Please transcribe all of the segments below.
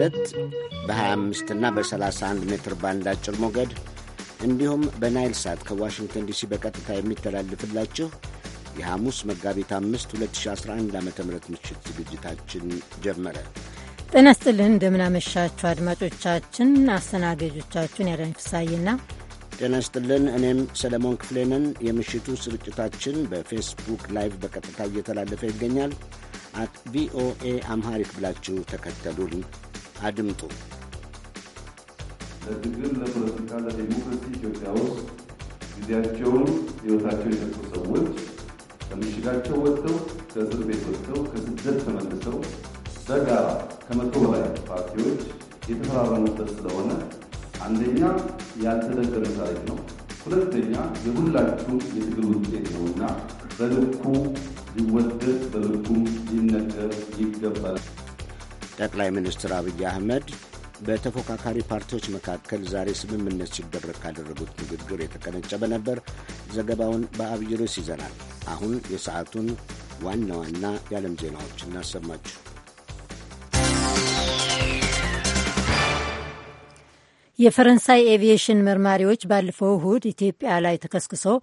በ በ25 እና በ31 ሜትር ባንድ አጭር ሞገድ እንዲሁም በናይል ሳት ከዋሽንግተን ዲሲ በቀጥታ የሚተላለፍላችሁ የሐሙስ መጋቢት 5 2011 ዓ ም ምሽት ዝግጅታችን ጀመረ። ጤና እንደምናመሻችሁ አድማጮቻችን። አስተናጋጆቻችሁን ያዳኝ ፍሳዬና ጤና እኔም ሰለሞን ክፍሌንን። የምሽቱ ስርጭታችን በፌስቡክ ላይቭ በቀጥታ እየተላለፈ ይገኛል። አት ቪኦኤ አምሃሪክ ብላችሁ ተከተሉን አድምጡ። ለትግል፣ ለፖለቲካ፣ ለዴሞክራሲ ኢትዮጵያ ውስጥ ጊዜያቸውን ህይወታቸው የሰጡ ሰዎች ከምሽጋቸው ወጥተው ከእስር ቤት ወጥተው ከስደት ተመልሰው በጋራ ከመቶ በላይ ፓርቲዎች የተፈራረሙበት ስለሆነ አንደኛ ያልተደገመ ታሪክ ነው፣ ሁለተኛ የሁላችሁም የትግል ውጤት ነው እና በልኩ ሊወደድ በልኩም ሊነገር ይገባል። ጠቅላይ ሚኒስትር አብይ አህመድ በተፎካካሪ ፓርቲዎች መካከል ዛሬ ስምምነት ሲደረግ ካደረጉት ንግግር የተቀነጨበ ነበር። ዘገባውን በአብይ ርዕስ ይዘናል። አሁን የሰዓቱን ዋና ዋና የዓለም ዜናዎች እናሰማችሁ። የፈረንሳይ ኤቪዬሽን መርማሪዎች ባለፈው እሁድ ኢትዮጵያ ላይ ተከስክሰው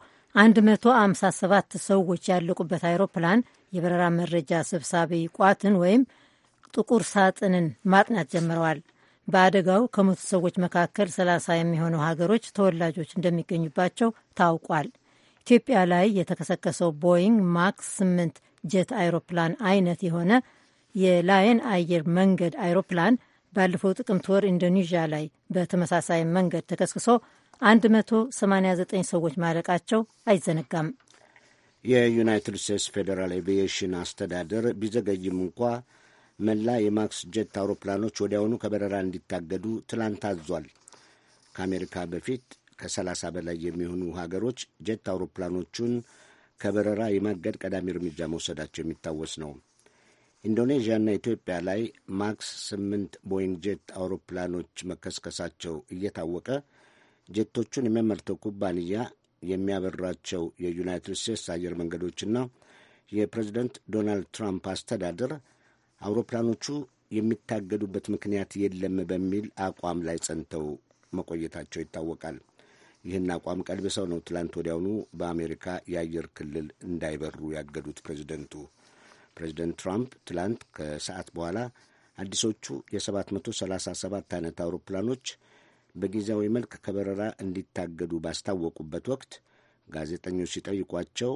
157 ሰዎች ያለቁበት አይሮፕላን የበረራ መረጃ ሰብሳቢ ቋትን ወይም ጥቁር ሳጥንን ማጥናት ጀምረዋል። በአደጋው ከሞቱ ሰዎች መካከል 30 የሚሆኑ ሀገሮች ተወላጆች እንደሚገኙባቸው ታውቋል። ኢትዮጵያ ላይ የተከሰከሰው ቦይንግ ማክስ 8 ጀት አይሮፕላን አይነት የሆነ የላየን አየር መንገድ አይሮፕላን ባለፈው ጥቅምት ወር ኢንዶኔዥያ ላይ በተመሳሳይ መንገድ ተከስክሶ 189 ሰዎች ማለቃቸው አይዘነጋም። የዩናይትድ ስቴትስ ፌዴራል ኤቪዬሽን አስተዳደር ቢዘገይም እንኳ መላ የማክስ ጀት አውሮፕላኖች ወዲያውኑ ከበረራ እንዲታገዱ ትላንት አዟል። ከአሜሪካ በፊት ከሰላሳ በላይ የሚሆኑ ሀገሮች ጀት አውሮፕላኖቹን ከበረራ የማገድ ቀዳሚ እርምጃ መውሰዳቸው የሚታወስ ነው። ኢንዶኔዥያና ኢትዮጵያ ላይ ማክስ ስምንት ቦይንግ ጀት አውሮፕላኖች መከስከሳቸው እየታወቀ ጀቶቹን የሚያመርተው ኩባንያ የሚያበራቸው የዩናይትድ ስቴትስ አየር መንገዶችና የፕሬዚደንት ዶናልድ ትራምፕ አስተዳደር አውሮፕላኖቹ የሚታገዱበት ምክንያት የለም በሚል አቋም ላይ ጸንተው መቆየታቸው ይታወቃል። ይህን አቋም ቀልብሰው ነው ትላንት ወዲያውኑ በአሜሪካ የአየር ክልል እንዳይበሩ ያገዱት ፕሬዚደንቱ። ፕሬዚደንት ትራምፕ ትላንት ከሰዓት በኋላ አዲሶቹ የ737 አይነት አውሮፕላኖች በጊዜያዊ መልክ ከበረራ እንዲታገዱ ባስታወቁበት ወቅት ጋዜጠኞች ሲጠይቋቸው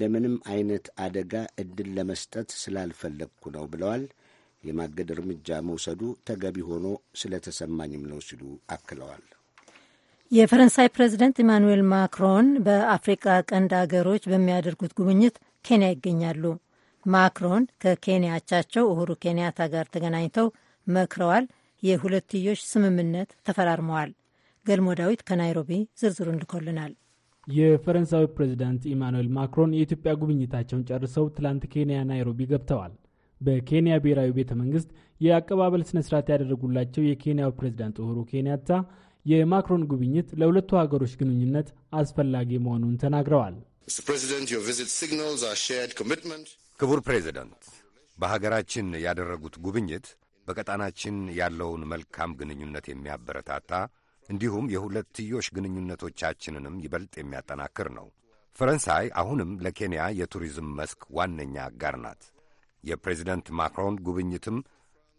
ለምንም አይነት አደጋ እድል ለመስጠት ስላልፈለግኩ ነው ብለዋል። የማገድ እርምጃ መውሰዱ ተገቢ ሆኖ ስለተሰማኝም ነው ሲሉ አክለዋል። የፈረንሳይ ፕሬዚደንት ኢማኑዌል ማክሮን በአፍሪቃ ቀንድ አገሮች በሚያደርጉት ጉብኝት ኬንያ ይገኛሉ። ማክሮን ከኬንያ አቻቸው ኡሁሩ ኬንያታ ጋር ተገናኝተው መክረዋል። የሁለትዮሽ ስምምነት ተፈራርመዋል። ገልሞ ዳዊት ከናይሮቢ ዝርዝሩን ልኮልናል። የፈረንሳዊ ፕሬዚዳንት ኢማኑኤል ማክሮን የኢትዮጵያ ጉብኝታቸውን ጨርሰው ትላንት ኬንያ ናይሮቢ ገብተዋል። በኬንያ ብሔራዊ ቤተ መንግስት የአቀባበል ስነ ስርዓት ያደረጉላቸው የኬንያው ፕሬዚዳንት ኡሁሩ ኬንያታ የማክሮን ጉብኝት ለሁለቱ ሀገሮች ግንኙነት አስፈላጊ መሆኑን ተናግረዋል። ክቡር ፕሬዚደንት በሀገራችን ያደረጉት ጉብኝት በቀጣናችን ያለውን መልካም ግንኙነት የሚያበረታታ እንዲሁም የሁለትዮሽ ግንኙነቶቻችንንም ይበልጥ የሚያጠናክር ነው። ፈረንሳይ አሁንም ለኬንያ የቱሪዝም መስክ ዋነኛ አጋር ናት። የፕሬዚደንት ማክሮን ጉብኝትም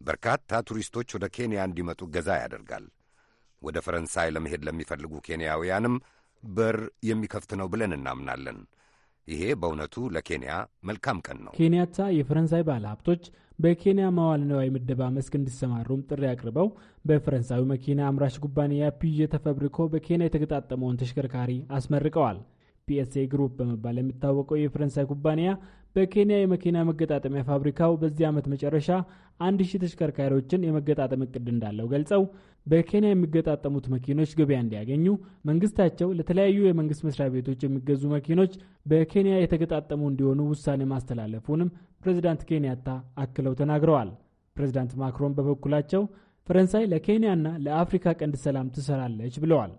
በርካታ ቱሪስቶች ወደ ኬንያ እንዲመጡ ገዛ ያደርጋል። ወደ ፈረንሳይ ለመሄድ ለሚፈልጉ ኬንያውያንም በር የሚከፍት ነው ብለን እናምናለን። ይሄ በእውነቱ ለኬንያ መልካም ቀን ነው። ኬንያታ የፈረንሳይ ባለ ሀብቶች በኬንያ መዋለ ንዋይ ምደባ መስክ እንዲሰማሩም ጥሪ አቅርበው በፈረንሳዊ መኪና አምራች ኩባንያ ፒዤ ተፈብሪኮ በኬንያ የተገጣጠመውን ተሽከርካሪ አስመርቀዋል። ፒኤስኤ ግሩፕ በመባል የሚታወቀው የፈረንሳይ ኩባንያ በኬንያ የመኪና መገጣጠሚያ ፋብሪካው በዚህ ዓመት መጨረሻ አንድ ሺህ ተሽከርካሪዎችን የመገጣጠም እቅድ እንዳለው ገልጸው በኬንያ የሚገጣጠሙት መኪኖች ገበያ እንዲያገኙ መንግስታቸው ለተለያዩ የመንግስት መስሪያ ቤቶች የሚገዙ መኪኖች በኬንያ የተገጣጠሙ እንዲሆኑ ውሳኔ ማስተላለፉንም ፕሬዚዳንት ኬንያታ አክለው ተናግረዋል። ፕሬዚዳንት ማክሮን በበኩላቸው ፈረንሳይ ለኬንያና ለአፍሪካ ቀንድ ሰላም ትሰራለች ብለዋል።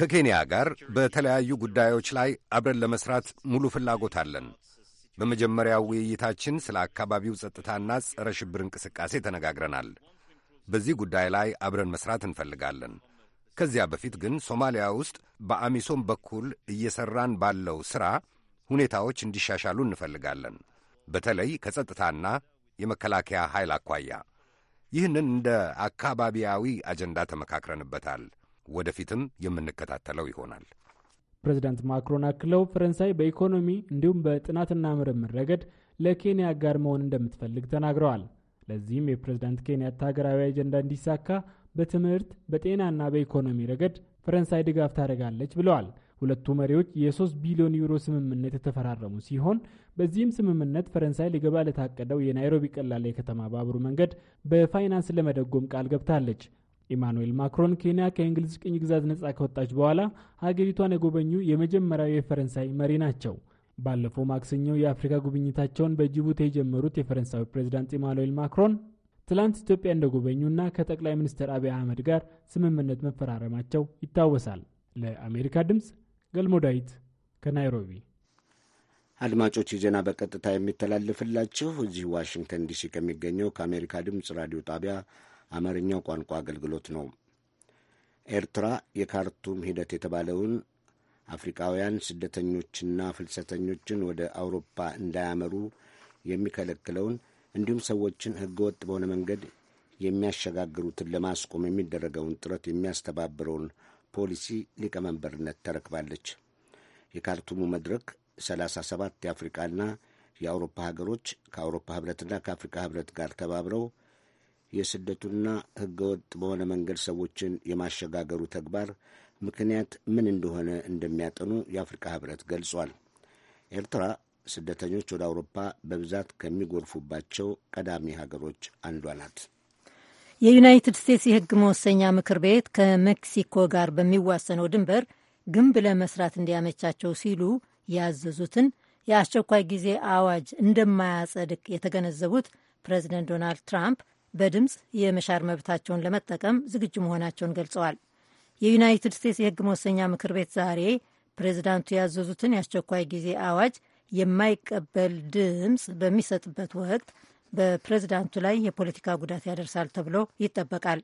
ከኬንያ ጋር በተለያዩ ጉዳዮች ላይ አብረን ለመስራት ሙሉ ፍላጎት አለን። በመጀመሪያው ውይይታችን ስለ አካባቢው ጸጥታና ጸረ ሽብር እንቅስቃሴ ተነጋግረናል። በዚህ ጉዳይ ላይ አብረን መስራት እንፈልጋለን። ከዚያ በፊት ግን ሶማሊያ ውስጥ በአሚሶም በኩል እየሠራን ባለው ሥራ ሁኔታዎች እንዲሻሻሉ እንፈልጋለን። በተለይ ከጸጥታና የመከላከያ ኃይል አኳያ ይህንን እንደ አካባቢያዊ አጀንዳ ተመካክረንበታል። ወደፊትም የምንከታተለው ይሆናል። ፕሬዚዳንት ማክሮን አክለው ፈረንሳይ በኢኮኖሚ እንዲሁም በጥናትና ምርምር ረገድ ለኬንያ አጋር መሆን እንደምትፈልግ ተናግረዋል። ለዚህም የፕሬዚዳንት ኬንያታ ሀገራዊ አጀንዳ እንዲሳካ በትምህርት በጤናና በኢኮኖሚ ረገድ ፈረንሳይ ድጋፍ ታደርጋለች ብለዋል። ሁለቱ መሪዎች የ3 ቢሊዮን ዩሮ ስምምነት የተፈራረሙ ሲሆን በዚህም ስምምነት ፈረንሳይ ሊገባ ለታቀደው የናይሮቢ ቀላል የከተማ ባቡር መንገድ በፋይናንስ ለመደጎም ቃል ገብታለች። ኢማኑኤል ማክሮን ኬንያ ከእንግሊዝ ቅኝ ግዛት ነጻ ከወጣች በኋላ ሀገሪቷን የጎበኙ የመጀመሪያው የፈረንሳይ መሪ ናቸው። ባለፈው ማክሰኞ የአፍሪካ ጉብኝታቸውን በጅቡቲ የጀመሩት የፈረንሳዊ ፕሬዚዳንት ኢማኑኤል ማክሮን ትላንት ኢትዮጵያ እንደጎበኙና ከጠቅላይ ሚኒስትር አብይ አህመድ ጋር ስምምነት መፈራረማቸው ይታወሳል። ለአሜሪካ ድምፅ ገልሞ ዳዊት ከናይሮቢ። አድማጮች ዜና በቀጥታ የሚተላለፍላችሁ እዚህ ዋሽንግተን ዲሲ ከሚገኘው ከአሜሪካ ድምፅ ራዲዮ ጣቢያ አማርኛው ቋንቋ አገልግሎት ነው። ኤርትራ የካርቱም ሂደት የተባለውን አፍሪካውያን ስደተኞችና ፍልሰተኞችን ወደ አውሮፓ እንዳያመሩ የሚከለክለውን እንዲሁም ሰዎችን ወጥ በሆነ መንገድ የሚያሸጋግሩትን ለማስቆም የሚደረገውን ጥረት የሚያስተባብረውን ፖሊሲ ሊቀመንበርነት ተረክባለች። የካርቱሙ መድረክ ሰላሳ ሰባት የአፍሪቃና የአውሮፓ ሀገሮች ከአውሮፓ ህብረትና ከአፍሪካ ህብረት ጋር ተባብረው የስደቱና ህገወጥ በሆነ መንገድ ሰዎችን የማሸጋገሩ ተግባር ምክንያት ምን እንደሆነ እንደሚያጠኑ የአፍሪካ ህብረት ገልጿል። ኤርትራ ስደተኞች ወደ አውሮፓ በብዛት ከሚጎርፉባቸው ቀዳሚ ሀገሮች አንዷ ናት። የዩናይትድ ስቴትስ የህግ መወሰኛ ምክር ቤት ከሜክሲኮ ጋር በሚዋሰነው ድንበር ግንብ ለመስራት እንዲያመቻቸው ሲሉ ያዘዙትን የአስቸኳይ ጊዜ አዋጅ እንደማያጸድቅ የተገነዘቡት ፕሬዚደንት ዶናልድ ትራምፕ በድምፅ የመሻር መብታቸውን ለመጠቀም ዝግጁ መሆናቸውን ገልጸዋል። የዩናይትድ ስቴትስ የህግ መወሰኛ ምክር ቤት ዛሬ ፕሬዚዳንቱ ያዘዙትን የአስቸኳይ ጊዜ አዋጅ የማይቀበል ድምፅ በሚሰጥበት ወቅት በፕሬዚዳንቱ ላይ የፖለቲካ ጉዳት ያደርሳል ተብሎ ይጠበቃል።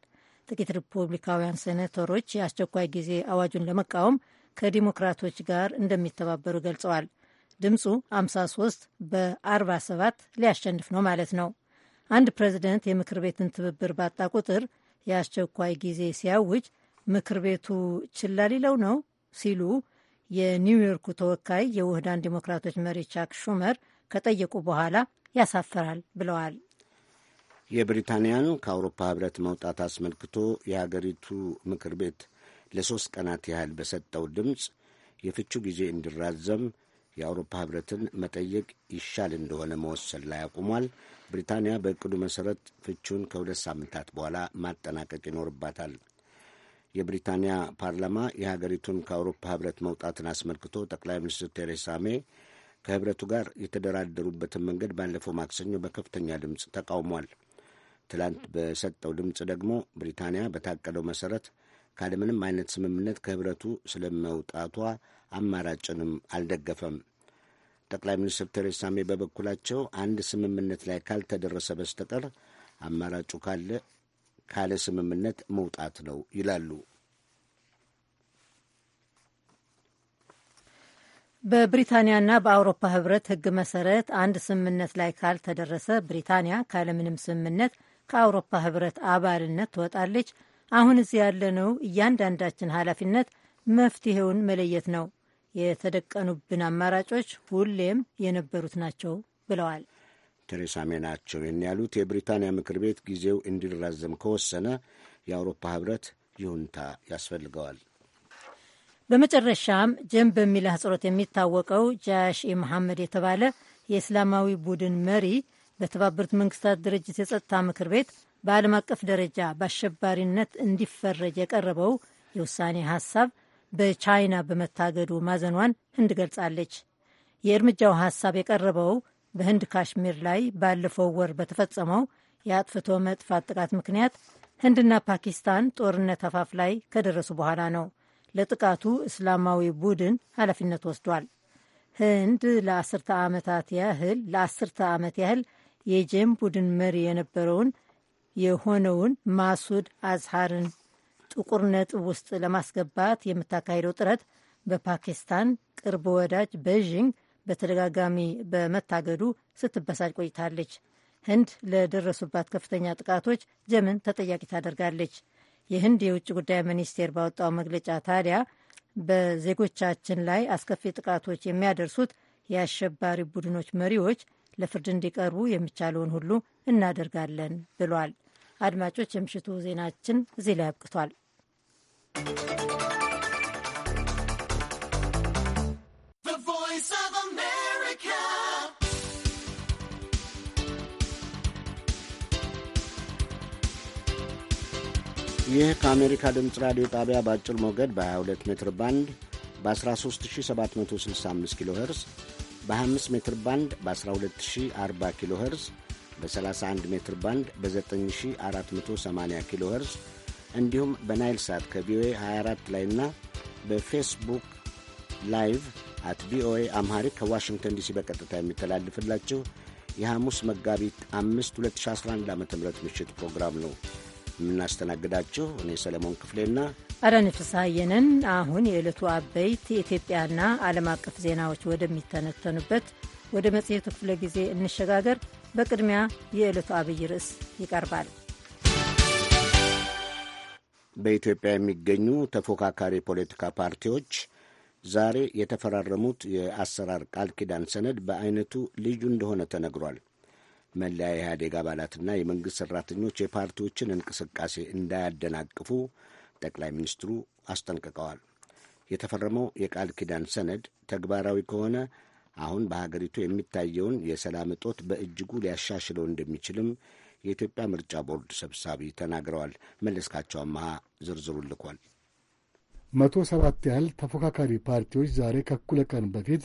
ጥቂት ሪፑብሊካውያን ሴኔተሮች የአስቸኳይ ጊዜ አዋጁን ለመቃወም ከዲሞክራቶች ጋር እንደሚተባበሩ ገልጸዋል። ድምፁ 53 በ47 ሊያሸንፍ ነው ማለት ነው። አንድ ፕሬዚደንት የምክር ቤትን ትብብር ባጣ ቁጥር የአስቸኳይ ጊዜ ሲያውጅ ምክር ቤቱ ችላ ሊለው ነው ሲሉ የኒውዮርኩ ተወካይ የውህዳን ዲሞክራቶች መሪ ቻክ ሹመር ከጠየቁ በኋላ ያሳፍራል ብለዋል። የብሪታንያን ከአውሮፓ ህብረት መውጣት አስመልክቶ የሀገሪቱ ምክር ቤት ለሦስት ቀናት ያህል በሰጠው ድምፅ የፍቹ ጊዜ እንዲራዘም የአውሮፓ ህብረትን መጠየቅ ይሻል እንደሆነ መወሰን ላይ አቁሟል። ብሪታንያ በእቅዱ መሠረት ፍቹን ከሁለት ሳምንታት በኋላ ማጠናቀቅ ይኖርባታል። የብሪታንያ ፓርላማ የሀገሪቱን ከአውሮፓ ህብረት መውጣትን አስመልክቶ ጠቅላይ ሚኒስትር ቴሬሳ ሜይ ከህብረቱ ጋር የተደራደሩበትን መንገድ ባለፈው ማክሰኞ በከፍተኛ ድምፅ ተቃውሟል። ትላንት በሰጠው ድምፅ ደግሞ ብሪታንያ በታቀደው መሠረት ካለምንም አይነት ስምምነት ከህብረቱ ስለመውጣቷ አማራጭንም አልደገፈም። ጠቅላይ ሚኒስትር ቴሬሳ ሜይ በበኩላቸው አንድ ስምምነት ላይ ካልተደረሰ በስተቀር አማራጩ ካለ ካለ ስምምነት መውጣት ነው ይላሉ። በብሪታንያና በአውሮፓ ህብረት ህግ መሰረት አንድ ስምምነት ላይ ካልተደረሰ ብሪታንያ ካለምንም ስምምነት ከአውሮፓ ህብረት አባልነት ትወጣለች። አሁን እዚህ ያለነው እያንዳንዳችን ኃላፊነት መፍትሄውን መለየት ነው የተደቀኑብን አማራጮች ሁሌም የነበሩት ናቸው ብለዋል። ቴሬሳ ሜ ናቸው ይህን ያሉት። የብሪታንያ ምክር ቤት ጊዜው እንዲራዘም ከወሰነ የአውሮፓ ህብረት ይሁንታ ያስፈልገዋል። በመጨረሻም ጀም በሚል አህጽሮት የሚታወቀው ጃሽ መሐመድ የተባለ የእስላማዊ ቡድን መሪ በተባበሩት መንግስታት ድርጅት የጸጥታ ምክር ቤት በዓለም አቀፍ ደረጃ በአሸባሪነት እንዲፈረጅ የቀረበው የውሳኔ ሀሳብ በቻይና በመታገዱ ማዘኗን ህንድ ገልጻለች። የእርምጃው ሀሳብ የቀረበው በህንድ ካሽሚር ላይ ባለፈው ወር በተፈጸመው የአጥፍቶ መጥፋት ጥቃት ምክንያት ህንድና ፓኪስታን ጦርነት አፋፍ ላይ ከደረሱ በኋላ ነው። ለጥቃቱ እስላማዊ ቡድን ኃላፊነት ወስዷል። ህንድ ለአስርተ ዓመታት ያህል ለአስርተ ዓመት ያህል የጄም ቡድን መሪ የነበረውን የሆነውን ማሱድ አዝሃርን ጥቁር ነጥብ ውስጥ ለማስገባት የምታካሄደው ጥረት በፓኪስታን ቅርብ ወዳጅ ቤዥንግ በተደጋጋሚ በመታገዱ ስትበሳጭ ቆይታለች። ህንድ ለደረሱባት ከፍተኛ ጥቃቶች ጀምን ተጠያቂ ታደርጋለች። የህንድ የውጭ ጉዳይ ሚኒስቴር ባወጣው መግለጫ ታዲያ በዜጎቻችን ላይ አስከፊ ጥቃቶች የሚያደርሱት የአሸባሪ ቡድኖች መሪዎች ለፍርድ እንዲቀርቡ የሚቻለውን ሁሉ እናደርጋለን ብሏል። አድማጮች፣ የምሽቱ ዜናችን እዚህ ላይ አብቅቷል። ይህ ከአሜሪካ ድምፅ ራዲዮ ጣቢያ በአጭር ሞገድ በ22 ሜትር ባንድ በ13765 ኪሎ ኸርስ በ25 ሜትር ባንድ በ1240 ኪሎ ኸርስ በ31 ሜትር ባንድ በ9480 ኪሎ ኸርስ እንዲሁም በናይል ሳት ከቪኦኤ 24 ላይና በፌስቡክ ላይቭ አት ቪኦኤ አምሃሪክ ከዋሽንግተን ዲሲ በቀጥታ የሚተላልፍላችሁ የሐሙስ መጋቢት 5 2011 ዓ ም ምሽት ፕሮግራም ነው የምናስተናግዳችሁ። እኔ ሰለሞን ክፍሌና አዳነች ፍስሐየንን። አሁን የዕለቱ አበይት የኢትዮጵያና ዓለም አቀፍ ዜናዎች ወደሚተነተኑበት ወደ መጽሔቱ ክፍለ ጊዜ እንሸጋገር። በቅድሚያ የዕለቱ አብይ ርዕስ ይቀርባል። በኢትዮጵያ የሚገኙ ተፎካካሪ ፖለቲካ ፓርቲዎች ዛሬ የተፈራረሙት የአሰራር ቃል ኪዳን ሰነድ በአይነቱ ልዩ እንደሆነ ተነግሯል። መለያ ኢህአዴግ አባላትና የመንግሥት ሠራተኞች የፓርቲዎችን እንቅስቃሴ እንዳያደናቅፉ ጠቅላይ ሚኒስትሩ አስጠንቅቀዋል። የተፈረመው የቃል ኪዳን ሰነድ ተግባራዊ ከሆነ አሁን በሀገሪቱ የሚታየውን የሰላም እጦት በእጅጉ ሊያሻሽለው እንደሚችልም የኢትዮጵያ ምርጫ ቦርድ ሰብሳቢ ተናግረዋል። መለስካቸው አመሃ ዝርዝሩ ልኳል። መቶ ሰባት ያህል ተፎካካሪ ፓርቲዎች ዛሬ ከእኩለ ቀን በፊት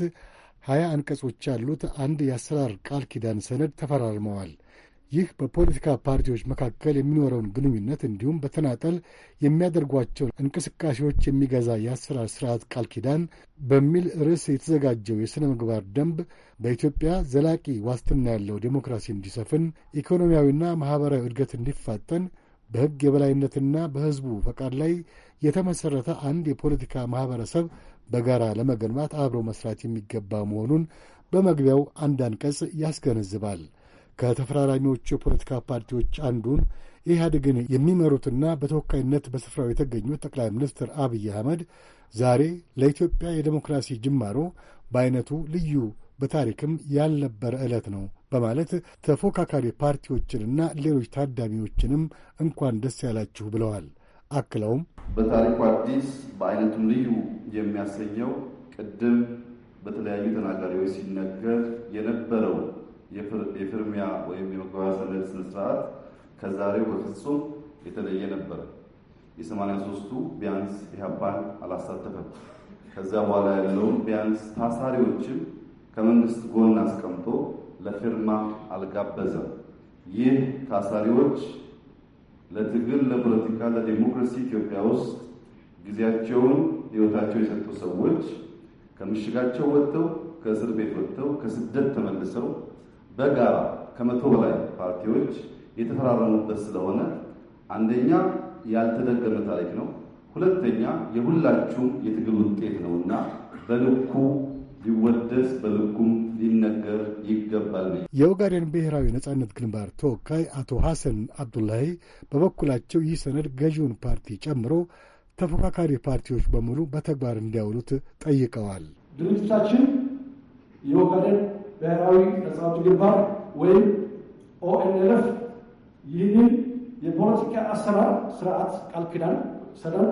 ሀያ አንቀጾች ያሉት አንድ የአሰራር ቃል ኪዳን ሰነድ ተፈራርመዋል። ይህ በፖለቲካ ፓርቲዎች መካከል የሚኖረውን ግንኙነት እንዲሁም በተናጠል የሚያደርጓቸውን እንቅስቃሴዎች የሚገዛ የአሰራር ስርዓት ቃል ኪዳን በሚል ርዕስ የተዘጋጀው የሥነ ምግባር ደንብ በኢትዮጵያ ዘላቂ ዋስትና ያለው ዴሞክራሲ እንዲሰፍን፣ ኢኮኖሚያዊና ማኅበራዊ እድገት እንዲፋጠን በሕግ የበላይነትና በሕዝቡ ፈቃድ ላይ የተመሠረተ አንድ የፖለቲካ ማኅበረሰብ በጋራ ለመገንባት አብሮ መሥራት የሚገባ መሆኑን በመግቢያው አንድ አንቀጽ ያስገነዝባል። ከተፈራራሚዎቹ የፖለቲካ ፓርቲዎች አንዱን ኢህአዴግን የሚመሩትና በተወካይነት በስፍራው የተገኙት ጠቅላይ ሚኒስትር አብይ አህመድ ዛሬ ለኢትዮጵያ የዴሞክራሲ ጅማሮ በአይነቱ ልዩ በታሪክም ያልነበረ ዕለት ነው በማለት ተፎካካሪ ፓርቲዎችንና ሌሎች ታዳሚዎችንም እንኳን ደስ ያላችሁ ብለዋል። አክለውም በታሪኩ አዲስ በአይነቱ ልዩ የሚያሰኘው ቅድም በተለያዩ ተናጋሪዎች ሲነገር የነበረው የፍርሚያ ወይም የመግባቢያ ሰነድ ስነስርዓት ከዛሬው በፍጹም የተለየ ነበር። የሰማንያ ሶስቱ ቢያንስ ኢህአፓን አላሳተፈም። ከዚያ በኋላ ያለውን ቢያንስ ታሳሪዎችን ከመንግስት ጎን አስቀምጦ ለፊርማ አልጋበዘም። ይህ ታሳሪዎች ለትግል፣ ለፖለቲካ፣ ለዲሞክራሲ ኢትዮጵያ ውስጥ ጊዜያቸውን፣ ህይወታቸው የሰጡ ሰዎች ከምሽጋቸው ወጥተው ከእስር ቤት ወጥተው ከስደት ተመልሰው በጋራ ከመቶ በላይ ፓርቲዎች የተፈራረሙበት ስለሆነ አንደኛ ያልተደገመ ታሪክ ነው፣ ሁለተኛ የሁላችሁም የትግል ውጤት ነው እና በልኩ ሊወደስ በልኩም ሊነገር ይገባል። የኦጋዴን ብሔራዊ ነጻነት ግንባር ተወካይ አቶ ሐሰን አብዱላሂ በበኩላቸው ይህ ሰነድ ገዢውን ፓርቲ ጨምሮ ተፎካካሪ ፓርቲዎች በሙሉ በተግባር እንዲያውሉት ጠይቀዋል። ድርጅታችን የኦጋዴን ብሔራዊ ነጻ አውጪ ግንባር ወይም ኦኤንኤልኤፍ ይህንን የፖለቲካ አሰራር ስርዓት ቃል ኪዳን ሰነድ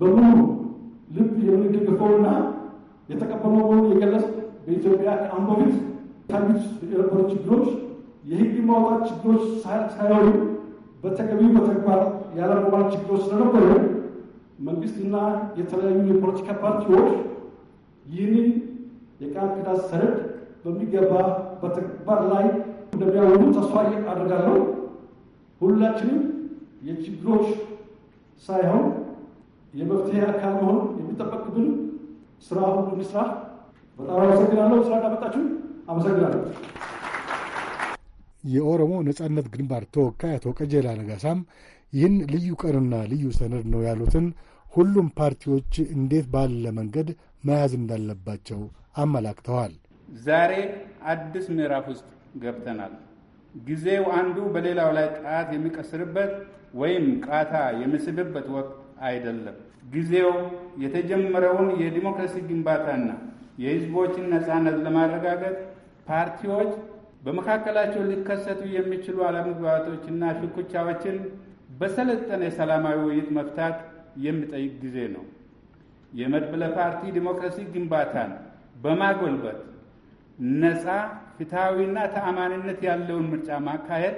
በሙሉ ልብ የምንደግፈውና የተቀበለው መሆኑን የገለጽ በኢትዮጵያ ከአሁን በፊት ታዩት የነበሩ ችግሮች የህግ ማውጣት ችግሮች ሳይሆኑ በተገቢ በተግባር ያለመዋል ችግሮች ስለነበሩ መንግስትና የተለያዩ የፖለቲካ ፓርቲዎች ይህንን የቃል ኪዳን ሰነድ በሚገባ በተግባር ላይ እንደሚያውሉ ተስፋ አድርጋለሁ። ሁላችንም የችግሮች ሳይሆን የመፍትሄ አካል መሆን የሚጠበቅብን ስራ ሁሉ እንስራ። በጣም አመሰግናለሁ። ስራ እንዳመጣችሁ አመሰግናለሁ። የኦሮሞ ነጻነት ግንባር ተወካይ አቶ ቀጀላ ነጋሳም ይህን ልዩ ቀንና ልዩ ሰነድ ነው ያሉትን ሁሉም ፓርቲዎች እንዴት ባለ መንገድ መያዝ እንዳለባቸው አመላክተዋል። ዛሬ አዲስ ምዕራፍ ውስጥ ገብተናል። ጊዜው አንዱ በሌላው ላይ ቃት የሚቀስርበት ወይም ቃታ የሚስብበት ወቅት አይደለም። ጊዜው የተጀመረውን የዲሞክራሲ ግንባታና የሕዝቦችን ነፃነት ለማረጋገጥ ፓርቲዎች በመካከላቸው ሊከሰቱ የሚችሉ አለመግባባቶችና ሽኩቻዎችን በሰለጠነ የሰላማዊ ውይይት መፍታት የሚጠይቅ ጊዜ ነው። የመድብለ ፓርቲ ዲሞክራሲ ግንባታን በማጎልበት ነፃ ፍትሐዊና ተአማንነት ያለውን ምርጫ ማካሄድ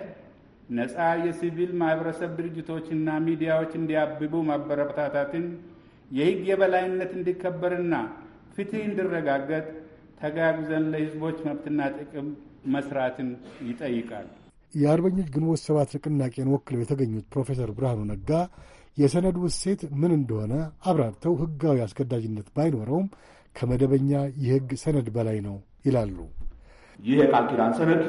ነፃ የሲቪል ማህበረሰብ ድርጅቶችና ሚዲያዎች እንዲያብቡ ማበረታታትን፣ የህግ የበላይነት እንዲከበርና ፍትህ እንዲረጋገጥ ተጋግዘን ለህዝቦች መብትና ጥቅም መስራትን ይጠይቃል። የአርበኞች ግንቦት ሰባት ንቅናቄን ወክለው የተገኙት ፕሮፌሰር ብርሃኑ ነጋ የሰነዱ እሴት ምን እንደሆነ አብራርተው ህጋዊ አስገዳጅነት ባይኖረውም ከመደበኛ የህግ ሰነድ በላይ ነው ይላሉ። ይህ የቃል ኪዳን ሰነድ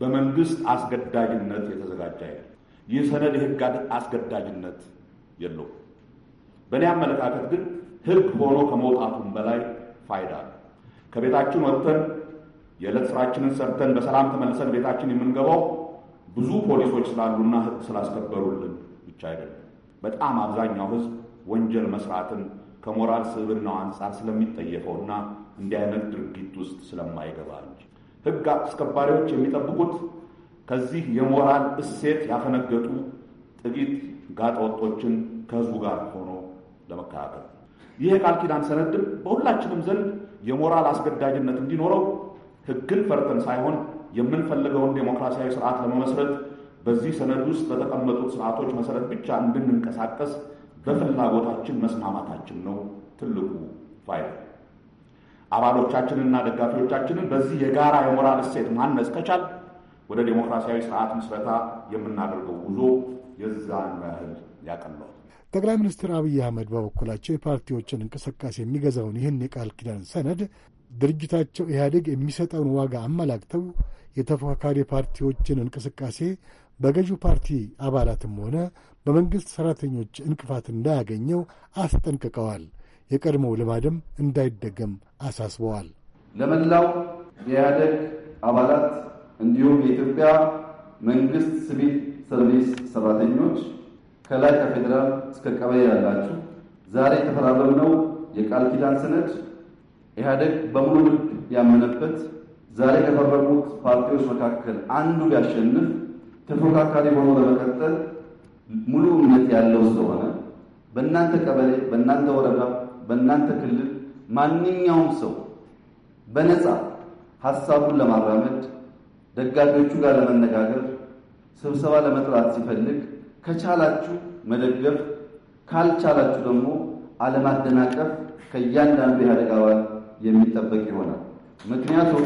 በመንግስት አስገዳጅነት የተዘጋጀ አይደለም። ይህ ሰነድ የህግ አስገዳጅነት የለውም። በእኔ አመለካከት ግን ህግ ሆኖ ከመውጣቱም በላይ ፋይዳ አለ። ከቤታችን ወጥተን የዕለት ስራችንን ሰርተን በሰላም ተመልሰን ቤታችን የምንገባው ብዙ ፖሊሶች ስላሉና ህግ ስላስከበሩልን ብቻ አይደለም። በጣም አብዛኛው ህዝብ ወንጀል መስራትን ከሞራል ስብዕናው አንጻር ስለሚጠየፈውና እንዲህ አይነት ድርጊት ውስጥ ስለማይገባ እንጂ ህግ አስከባሪዎች የሚጠብቁት ከዚህ የሞራል እሴት ያፈነገጡ ጥቂት ጋጠወጦችን ከህዝቡ ጋር ሆኖ ለመከላከል ይህ የቃል ኪዳን ሰነድም በሁላችንም ዘንድ የሞራል አስገዳጅነት እንዲኖረው ህግን ፈርተን ሳይሆን የምንፈልገውን ዴሞክራሲያዊ ስርዓት ለመመስረት በዚህ ሰነድ ውስጥ በተቀመጡት ስርዓቶች መሰረት ብቻ እንድንንቀሳቀስ በፍላጎታችን መስማማታችን ነው ትልቁ ፋይዳ። አባሎቻችንና ደጋፊዎቻችንን በዚህ የጋራ የሞራል እሴት ማነጽ ከቻል ወደ ዴሞክራሲያዊ ስርዓት ምስረታ የምናደርገው ጉዞ የዛን ያህል ያቀለዋል። ጠቅላይ ሚኒስትር አብይ አህመድ በበኩላቸው የፓርቲዎችን እንቅስቃሴ የሚገዛውን ይህን የቃል ኪዳን ሰነድ ድርጅታቸው ኢህአዴግ የሚሰጠውን ዋጋ አመላክተው የተፎካካሪ ፓርቲዎችን እንቅስቃሴ በገዢው ፓርቲ አባላትም ሆነ በመንግሥት ሠራተኞች እንቅፋት እንዳያገኘው አስጠንቅቀዋል። የቀድሞው ልማድም እንዳይደገም አሳስበዋል። ለመላው የኢህአደግ አባላት እንዲሁም የኢትዮጵያ መንግስት ሲቪል ሰርቪስ ሰራተኞች ከላይ ከፌዴራል እስከ ቀበሌ ያላችሁ ዛሬ የተፈራረምነው የቃል ኪዳን ሰነድ ኢህአደግ በሙሉ ልብ ያመነበት ዛሬ ከፈረሙት ፓርቲዎች መካከል አንዱ ቢያሸንፍ ተፎካካሪ ሆኖ ለመቀጠል ሙሉ እምነት ያለው ስለሆነ በእናንተ ቀበሌ፣ በእናንተ ወረዳ በእናንተ ክልል ማንኛውም ሰው በነፃ ሀሳቡን ለማራመድ ደጋፊዎቹ ጋር ለመነጋገር ስብሰባ ለመጥራት ሲፈልግ ከቻላችሁ መደገፍ ካልቻላችሁ ደግሞ አለማደናቀፍ ከእያንዳንዱ ኢህአዴግ አባል የሚጠበቅ ይሆናል። ምክንያቱም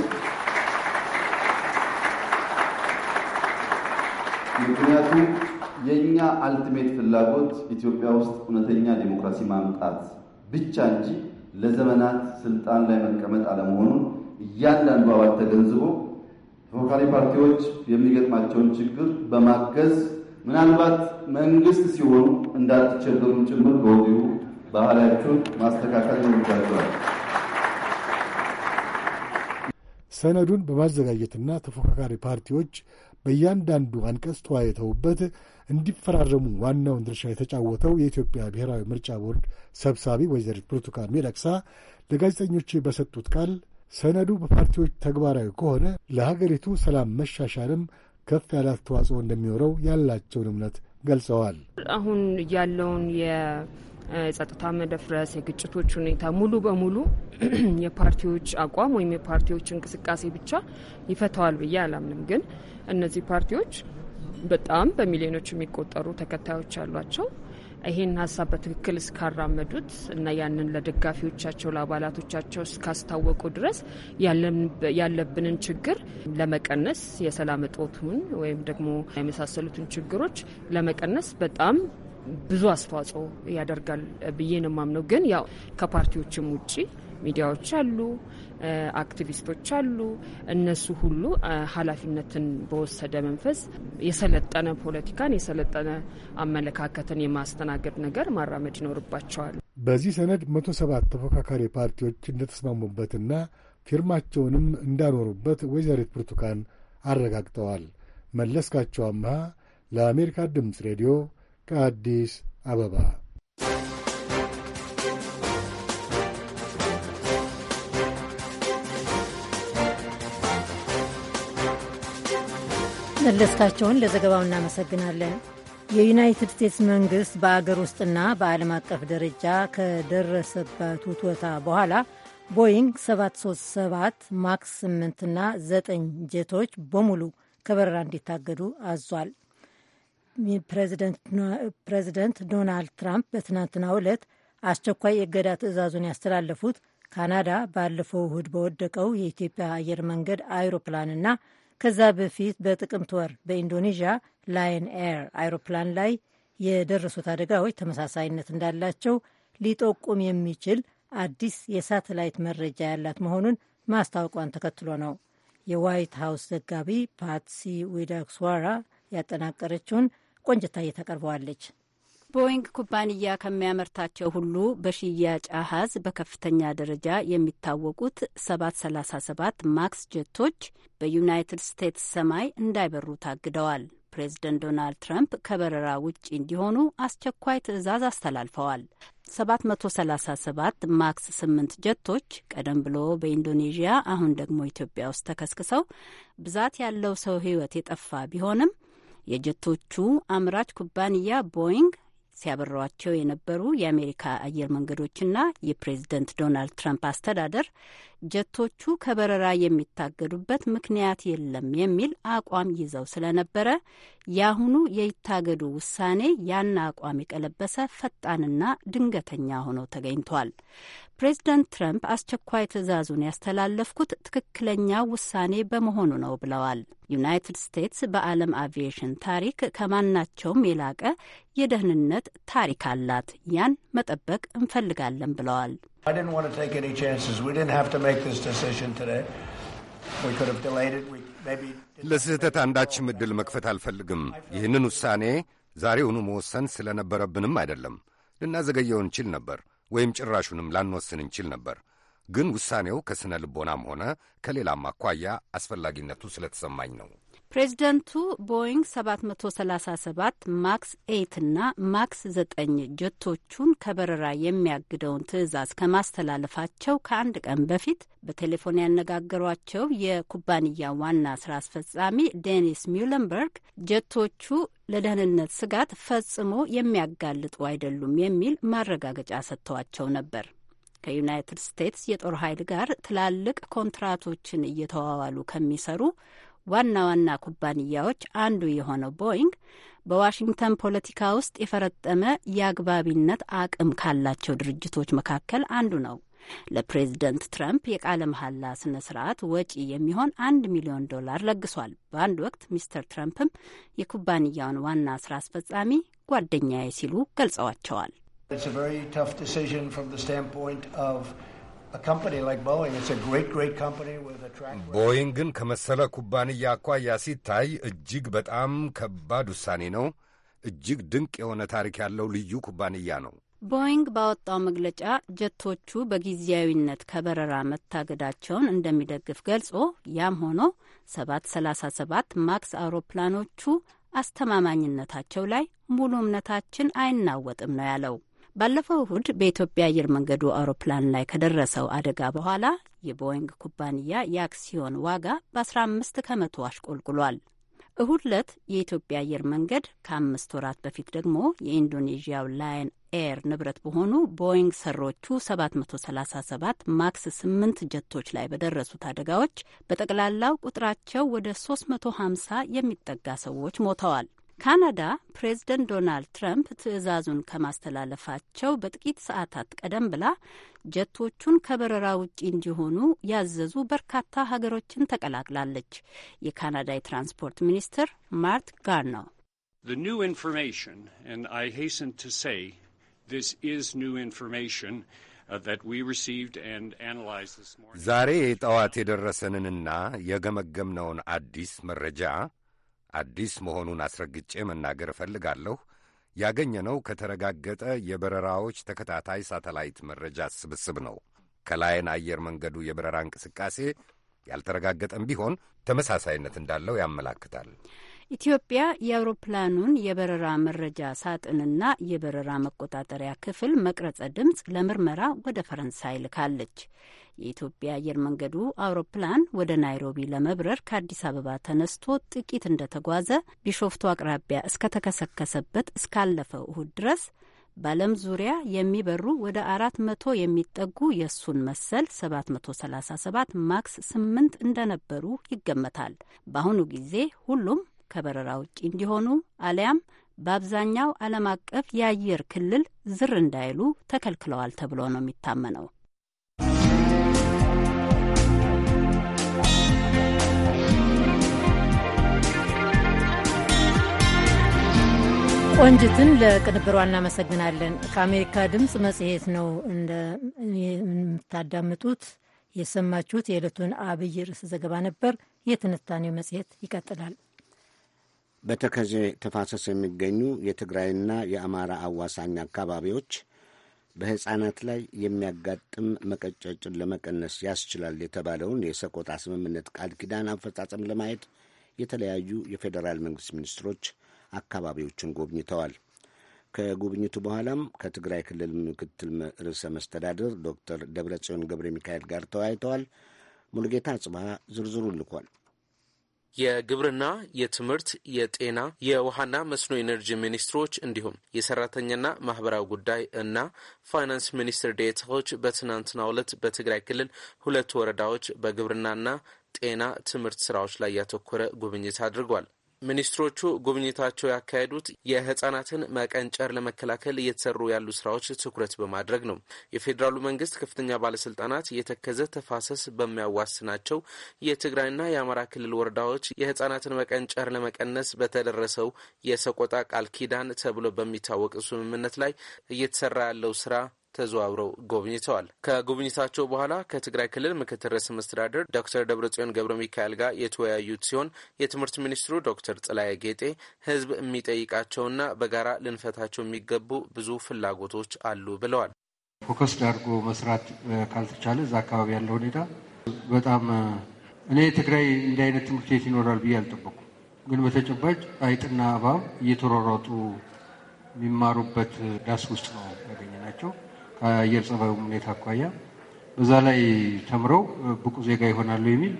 ምክንያቱም የእኛ አልቲሜት ፍላጎት ኢትዮጵያ ውስጥ እውነተኛ ዲሞክራሲ ማምጣት ብቻ እንጂ ለዘመናት ስልጣን ላይ መቀመጥ አለመሆኑን እያንዳንዱ አባል ተገንዝቦ ተፎካሪ ፓርቲዎች የሚገጥማቸውን ችግር በማገዝ ምናልባት መንግስት ሲሆኑ እንዳትቸገሩ ጭምር በወዲሁ ባህላችሁን ማስተካከል ይኖርባቸዋል። ሰነዱን በማዘጋጀትና ተፎካካሪ ፓርቲዎች በእያንዳንዱ አንቀጽ ተወያይተውበት እንዲፈራረሙ ዋናውን ድርሻ የተጫወተው የኢትዮጵያ ብሔራዊ ምርጫ ቦርድ ሰብሳቢ ወይዘሪት ብርቱካን ሚደቅሳ ለጋዜጠኞች በሰጡት ቃል ሰነዱ በፓርቲዎች ተግባራዊ ከሆነ ለሀገሪቱ ሰላም መሻሻልም ከፍ ያለ አስተዋጽኦ እንደሚኖረው ያላቸውን እምነት ገልጸዋል። አሁን ያለውን የጸጥታ መደፍረስ፣ የግጭቶች ሁኔታ ሙሉ በሙሉ የፓርቲዎች አቋም ወይም የፓርቲዎች እንቅስቃሴ ብቻ ይፈታዋል ብዬ አላምንም። ግን እነዚህ ፓርቲዎች በጣም በሚሊዮኖች የሚቆጠሩ ተከታዮች አሏቸው። ይሄን ሀሳብ በትክክል እስካራመዱት እና ያንን ለደጋፊዎቻቸው ለአባላቶቻቸው እስካስታወቁ ድረስ ያለብንን ችግር ለመቀነስ የሰላም እጦቱን ወይም ደግሞ የመሳሰሉትን ችግሮች ለመቀነስ በጣም ብዙ አስተዋጽኦ ያደርጋል ብዬ ነው የማምነው። ግን ያው ከፓርቲዎችም ውጭ ሚዲያዎች አሉ። አክቲቪስቶች አሉ። እነሱ ሁሉ ኃላፊነትን በወሰደ መንፈስ የሰለጠነ ፖለቲካን የሰለጠነ አመለካከትን የማስተናገድ ነገር ማራመድ ይኖርባቸዋል። በዚህ ሰነድ መቶ ሰባት ተፎካካሪ ፓርቲዎች እንደተስማሙበትና ፊርማቸውንም እንዳኖሩበት ወይዘሪት ብርቱካን አረጋግጠዋል። መለስካቸው አምሃ ለአሜሪካ ድምፅ ሬዲዮ ከአዲስ አበባ መለስካቸውን ለዘገባው እናመሰግናለን። የዩናይትድ ስቴትስ መንግሥት በአገር ውስጥና በዓለም አቀፍ ደረጃ ከደረሰበት ውትወታ በኋላ ቦይንግ 737 ማክስ 8ና 9 ጄቶች በሙሉ ከበረራ እንዲታገዱ አዟል። ፕሬዚደንት ዶናልድ ትራምፕ በትናንትናው ዕለት አስቸኳይ የእገዳ ትዕዛዙን ያስተላለፉት ካናዳ ባለፈው እሁድ በወደቀው የኢትዮጵያ አየር መንገድ አይሮፕላንና ከዛ በፊት በጥቅምት ወር በኢንዶኔዥያ ላየን ኤር አይሮፕላን ላይ የደረሱት አደጋዎች ተመሳሳይነት እንዳላቸው ሊጠቁም የሚችል አዲስ የሳተላይት መረጃ ያላት መሆኑን ማስታወቋን ተከትሎ ነው። የዋይት ሀውስ ዘጋቢ ፓትሲ ዊዳክስዋራ ያጠናቀረችውን ቆንጅታ እየተቀርበዋለች። ቦይንግ ኩባንያ ከሚያመርታቸው ሁሉ በሽያጭ አሀዝ በከፍተኛ ደረጃ የሚታወቁት 737 ማክስ ጀቶች በዩናይትድ ስቴትስ ሰማይ እንዳይበሩ ታግደዋል። ፕሬዝደንት ዶናልድ ትራምፕ ከበረራ ውጭ እንዲሆኑ አስቸኳይ ትዕዛዝ አስተላልፈዋል። 737 ማክስ 8 ጀቶች ቀደም ብሎ በኢንዶኔዥያ አሁን ደግሞ ኢትዮጵያ ውስጥ ተከስክሰው ብዛት ያለው ሰው ሕይወት የጠፋ ቢሆንም የጀቶቹ አምራች ኩባንያ ቦይንግ ሲያበሯቸው የነበሩ የአሜሪካ አየር መንገዶችና የፕሬዝደንት ዶናልድ ትራምፕ አስተዳደር ጀቶቹ ከበረራ የሚታገዱበት ምክንያት የለም የሚል አቋም ይዘው ስለነበረ የአሁኑ የይታገዱ ውሳኔ ያን አቋም የቀለበሰ ፈጣንና ድንገተኛ ሆኖ ተገኝቷል። ፕሬዚደንት ትራምፕ አስቸኳይ ትዕዛዙን ያስተላለፍኩት ትክክለኛ ውሳኔ በመሆኑ ነው ብለዋል። ዩናይትድ ስቴትስ በዓለም አቪዬሽን ታሪክ ከማናቸውም የላቀ የደህንነት ታሪክ አላት። ያን መጠበቅ እንፈልጋለን ብለዋል። ለስህተት አንዳችም ዕድል መክፈት አልፈልግም። ይህንን ውሳኔ ዛሬውኑ መወሰን ስለነበረብንም አይደለም። ልናዘገየው እንችል ነበር፣ ወይም ጭራሹንም ላንወስን እንችል ነበር። ግን ውሳኔው ከሥነ ልቦናም ሆነ ከሌላም አኳያ አስፈላጊነቱ ስለተሰማኝ ነው። ፕሬዚደንቱ ቦይንግ 737 ማክስ 8 እና ማክስ 9 ጀቶቹን ከበረራ የሚያግደውን ትዕዛዝ ከማስተላለፋቸው ከአንድ ቀን በፊት በቴሌፎን ያነጋገሯቸው የኩባንያ ዋና ስራ አስፈጻሚ ዴኒስ ሚውለንበርግ ጀቶቹ ለደህንነት ስጋት ፈጽሞ የሚያጋልጡ አይደሉም የሚል ማረጋገጫ ሰጥተዋቸው ነበር። ከዩናይትድ ስቴትስ የጦር ኃይል ጋር ትላልቅ ኮንትራቶችን እየተዋዋሉ ከሚሰሩ ዋና ዋና ኩባንያዎች አንዱ የሆነው ቦይንግ በዋሽንግተን ፖለቲካ ውስጥ የፈረጠመ የአግባቢነት አቅም ካላቸው ድርጅቶች መካከል አንዱ ነው። ለፕሬዝደንት ትራምፕ የቃለ መሐላ ስነ ስርዓት ወጪ የሚሆን አንድ ሚሊዮን ዶላር ለግሷል። በአንድ ወቅት ሚስተር ትራምፕም የኩባንያውን ዋና ስራ አስፈጻሚ ጓደኛዬ ሲሉ ገልጸዋቸዋል። ቦይንግን ከመሰለ ኩባንያ አኳያ ሲታይ እጅግ በጣም ከባድ ውሳኔ ነው። እጅግ ድንቅ የሆነ ታሪክ ያለው ልዩ ኩባንያ ነው። ቦይንግ ባወጣው መግለጫ ጀቶቹ በጊዜያዊነት ከበረራ መታገዳቸውን እንደሚደግፍ ገልጾ ያም ሆኖ 737 ማክስ አውሮፕላኖቹ አስተማማኝነታቸው ላይ ሙሉ እምነታችን አይናወጥም ነው ያለው። ባለፈው እሁድ በኢትዮጵያ አየር መንገዱ አውሮፕላን ላይ ከደረሰው አደጋ በኋላ የቦይንግ ኩባንያ የአክሲዮን ዋጋ በ15 ከመቶ አሽቆልቁሏል። እሁድ ዕለት የኢትዮጵያ አየር መንገድ ከአምስት ወራት በፊት ደግሞ የኢንዶኔዥያው ላይን ኤር ንብረት በሆኑ ቦይንግ ሰሮቹ 737 ማክስ 8 ጀቶች ላይ በደረሱት አደጋዎች በጠቅላላው ቁጥራቸው ወደ 350 የሚጠጋ ሰዎች ሞተዋል። ካናዳ ፕሬዝደንት ዶናልድ ትራምፕ ትዕዛዙን ከማስተላለፋቸው በጥቂት ሰዓታት ቀደም ብላ ጀቶቹን ከበረራ ውጪ እንዲሆኑ ያዘዙ በርካታ ሀገሮችን ተቀላቅላለች። የካናዳ የትራንስፖርት ሚኒስትር ማርት ጋር ነው። ዛሬ ጠዋት የደረሰንንና የገመገምነውን አዲስ መረጃ አዲስ መሆኑን አስረግጬ መናገር እፈልጋለሁ ያገኘነው ከተረጋገጠ የበረራዎች ተከታታይ ሳተላይት መረጃ ስብስብ ነው። ከላይን አየር መንገዱ የበረራ እንቅስቃሴ ያልተረጋገጠም ቢሆን ተመሳሳይነት እንዳለው ያመላክታል። ኢትዮጵያ የአውሮፕላኑን የበረራ መረጃ ሳጥንና የበረራ መቆጣጠሪያ ክፍል መቅረጸ ድምፅ ለምርመራ ወደ ፈረንሳይ ልካለች። የኢትዮጵያ አየር መንገዱ አውሮፕላን ወደ ናይሮቢ ለመብረር ከአዲስ አበባ ተነስቶ ጥቂት እንደተጓዘ ቢሾፍቱ አቅራቢያ እስከተከሰከሰበት እስካለፈው እሁድ ድረስ በዓለም ዙሪያ የሚበሩ ወደ አራት መቶ የሚጠጉ የእሱን መሰል 737 ማክስ ስምንት እንደነበሩ ይገመታል። በአሁኑ ጊዜ ሁሉም ከበረራ ውጪ እንዲሆኑ አሊያም በአብዛኛው ዓለም አቀፍ የአየር ክልል ዝር እንዳይሉ ተከልክለዋል ተብሎ ነው የሚታመነው። ቆንጅትን ለቅንብሯ እናመሰግናለን። ከአሜሪካ ድምፅ መጽሔት ነው እንደምታዳምጡት። የሰማችሁት የዕለቱን አብይ ርዕስ ዘገባ ነበር። የትንታኔው መጽሔት ይቀጥላል። በተከዜ ተፋሰስ የሚገኙ የትግራይና የአማራ አዋሳኝ አካባቢዎች በሕፃናት ላይ የሚያጋጥም መቀጨጭን ለመቀነስ ያስችላል የተባለውን የሰቆጣ ስምምነት ቃል ኪዳን አፈጻጸም ለማየት የተለያዩ የፌዴራል መንግሥት ሚኒስትሮች አካባቢዎችን ጎብኝተዋል። ከጉብኝቱ በኋላም ከትግራይ ክልል ምክትል ርዕሰ መስተዳድር ዶክተር ደብረጽዮን ገብረ ሚካኤል ጋር ተወያይተዋል። ሙሉጌታ ጽባ ዝርዝሩ ልኳል። የግብርና፣ የትምህርት፣ የጤና፣ የውሃና መስኖ ኤነርጂ ሚኒስትሮች እንዲሁም የሰራተኛና ማህበራዊ ጉዳይ እና ፋይናንስ ሚኒስትር ዴታዎች በትናንትናው ዕለት በትግራይ ክልል ሁለት ወረዳዎች በግብርናና ጤና፣ ትምህርት ስራዎች ላይ ያተኮረ ጉብኝት አድርጓል። ሚኒስትሮቹ ጉብኝታቸው ያካሄዱት የህጻናትን መቀንጨር ለመከላከል እየተሰሩ ያሉ ስራዎች ትኩረት በማድረግ ነው። የፌዴራሉ መንግስት ከፍተኛ ባለስልጣናት የተከዘ ተፋሰስ በሚያዋስናቸው የትግራይና የአማራ ክልል ወረዳዎች የህጻናትን መቀንጨር ለመቀነስ በተደረሰው የሰቆጣ ቃል ኪዳን ተብሎ በሚታወቅ ስምምነት ላይ እየተሰራ ያለው ስራ ተዘዋውረው ጎብኝተዋል። ከጉብኝታቸው በኋላ ከትግራይ ክልል ምክትል ርዕሰ መስተዳደር ዶክተር ደብረጽዮን ገብረ ሚካኤል ጋር የተወያዩት ሲሆን የትምህርት ሚኒስትሩ ዶክተር ጥላዬ ጌጤ ህዝብ የሚጠይቃቸውና በጋራ ልንፈታቸው የሚገቡ ብዙ ፍላጎቶች አሉ ብለዋል። ፎከስ አድርጎ መስራት ካልተቻለ እዛ አካባቢ ያለ ሁኔታ በጣም እኔ ትግራይ እንዲህ አይነት ትምህርት ቤት ይኖራል ብዬ አልጠበቁ፣ ግን በተጨባጭ አይጥና እባብ እየተሯሯጡ የሚማሩበት ዳስ ውስጥ ነው ናቸው። ከአየር ጸባዩ ሁኔታ አኳያ በዛ ላይ ተምረው ብቁ ዜጋ ይሆናሉ የሚል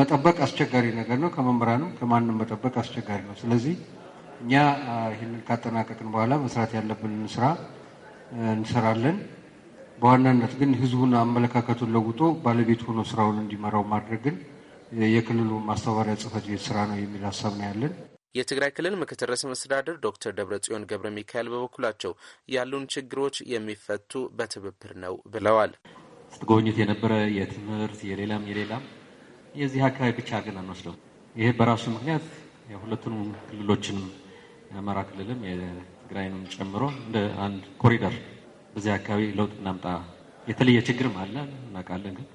መጠበቅ አስቸጋሪ ነገር ነው። ከመምህራንም ከማንም መጠበቅ አስቸጋሪ ነው። ስለዚህ እኛ ይህንን ካጠናቀቅን በኋላ መስራት ያለብንን ስራ እንሰራለን። በዋናነት ግን ህዝቡን አመለካከቱን ለውጦ ባለቤት ሆኖ ስራውን እንዲመራው ማድረግን የክልሉ ማስተባበሪያ ጽህፈት ቤት ስራ ነው የሚል ሀሳብ ነው ያለን። የትግራይ ክልል ምክትል ርዕሰ መስተዳድር ዶክተር ደብረጽዮን ገብረ ሚካኤል በበኩላቸው ያሉን ችግሮች የሚፈቱ በትብብር ነው ብለዋል። ስትጎበኙት የነበረ የትምህርት የሌላም የሌላም የዚህ አካባቢ ብቻ ግን አንወስደው። ይሄ በራሱ ምክንያት የሁለቱን ክልሎችንም የአማራ ክልልም የትግራይንም ጨምሮ እንደ አንድ ኮሪደር በዚህ አካባቢ ለውጥ እናምጣ። የተለየ ችግርም አለ እናውቃለን፣ ግን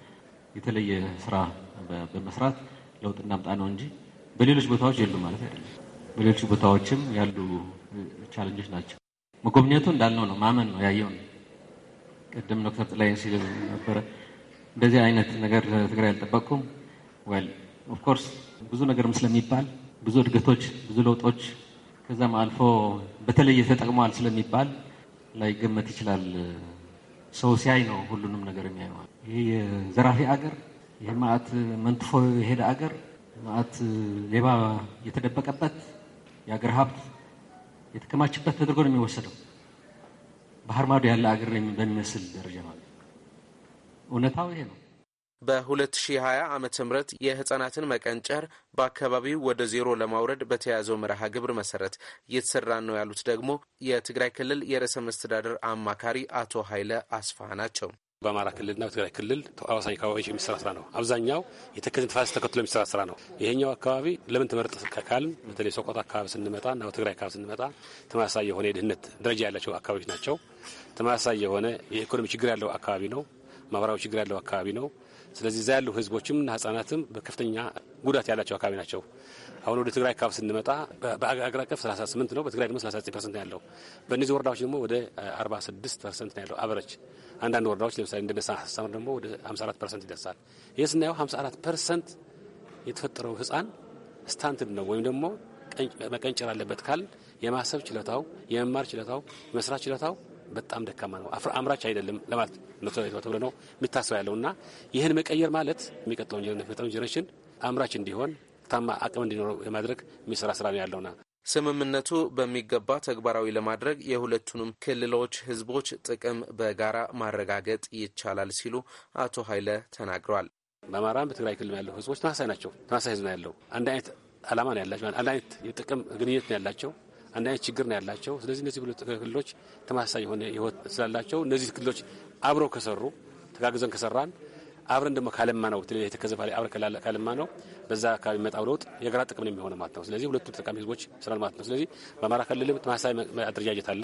የተለየ ስራ በመስራት ለውጥ እናምጣ ነው እንጂ በሌሎች ቦታዎች የሉ ማለት አይደለም። በሌሎች ቦታዎችም ያሉ ቻለንጆች ናቸው። መጎብኘቱ እንዳልነው ነው፣ ማመን ነው፣ ያየው ነው። ቅድም ዶክተር ጥላይ ሲል ነበረ እንደዚህ አይነት ነገር ትግራይ አልጠበቅኩም። ዌል ኦፍኮርስ ብዙ ነገርም ስለሚባል ብዙ እድገቶች፣ ብዙ ለውጦች ከዛም አልፎ በተለየ ተጠቅመዋል ስለሚባል ላይ ገመት ይችላል። ሰው ሲያይ ነው ሁሉንም ነገር የሚያየዋል። ይሄ የዘራፊ አገር፣ ይህ ማአት መንትፎ የሄደ አገር፣ ማአት ሌባ የተደበቀበት የአገር ሀብት የተከማችበት ተደርጎ ነው የሚወሰደው። ባህር ማዶ ያለ አገር በሚመስል ደረጃ ማለት እውነታው ይሄ ነው። በ2020 ዓ ም የህጻናትን መቀንጨር በአካባቢው ወደ ዜሮ ለማውረድ በተያዘው መርሃ ግብር መሰረት እየተሰራ ነው ያሉት ደግሞ የትግራይ ክልል የርዕሰ መስተዳደር አማካሪ አቶ ኃይለ አስፋ ናቸው። በአማራ ክልልና በትግራይ ክልል አዋሳኝ አካባቢዎች የሚሰራ ስራ ነው። አብዛኛው የተከዜ ፋስ ተከትሎ የሚሰራ ስራ ነው። ይሄኛው አካባቢ ለምን ትመርጥ ከካልን በተለይ ሶቆት አካባቢ ስንመጣ እና በትግራይ አካባቢ ስንመጣ ተመሳሳይ የሆነ የድህነት ደረጃ ያላቸው አካባቢዎች ናቸው። ተመሳሳይ የሆነ የኢኮኖሚ ችግር ያለው አካባቢ ነው። ማህበራዊ ችግር ያለው አካባቢ ነው። ስለዚህ እዛ ያሉ ህዝቦችምና ህጻናትም በከፍተኛ ጉዳት ያላቸው አካባቢ ናቸው። አሁን ወደ ትግራይ አካባቢ ስንመጣ በአገር አቀፍ 38 ነው፣ በትግራይ ደግሞ 39 ፐርሰንት ያለው በእነዚህ ወረዳዎች ደግሞ ወደ 46 ፐርሰንት ያለው አበረች አንዳንድ ወረዳዎች ለምሳሌ እንደነ ሀሳብ ደግሞ ወደ 54 ፐርሰንት ይደርሳል። ይህ ስናየው 54 ፐርሰንት የተፈጠረው ህፃን ስታንትድ ነው ወይም ደግሞ መቀንጨር አለበት ካል የማሰብ ችለታው የመማር ችለታው፣ የመስራት ችለታው በጣም ደካማ ነው። አምራች አይደለም ለማለት ነው ተብሎ ነው የሚታሰው ያለው እና ይህን መቀየር ማለት የሚቀጥለው ጀነሬሽን አምራች እንዲሆን ታማ አቅም እንዲኖረው የማድረግ የሚሰራ ስራ ነው ያለውና ስምምነቱ በሚገባ ተግባራዊ ለማድረግ የሁለቱንም ክልሎች ህዝቦች ጥቅም በጋራ ማረጋገጥ ይቻላል ሲሉ አቶ ኃይለ ተናግረዋል። በአማራም በትግራይ ክልል ያለው ህዝቦች ተመሳሳይ ናቸው። ተመሳሳይ ህዝብ ነው ያለው። አንድ አይነት አላማ ነው ያላቸው። አንድ አይነት የጥቅም ግንኙነት ነው ያላቸው። አንድ አይነት ችግር ነው ያላቸው። ስለዚህ እነዚህ ክልሎች ተመሳሳይ የሆነ ህይወት ስላላቸው እነዚህ ክልሎች አብረው ከሰሩ ተጋግዘን ከሰራን አብረን ደግሞ ካለማ ነው በተለይ ተከዘፋ ላይ አብረን ካለማ ነው በዛ አካባቢ የሚመጣው ለውጥ የጋራ ጥቅም ነው የሚሆነ ማለት ነው። ስለዚህ ሁለቱ ተጠቃሚ ህዝቦች ስራል ማለት ነው። ስለዚህ በአማራ ክልልም ተመሳሳይ አደረጃጀት አለ።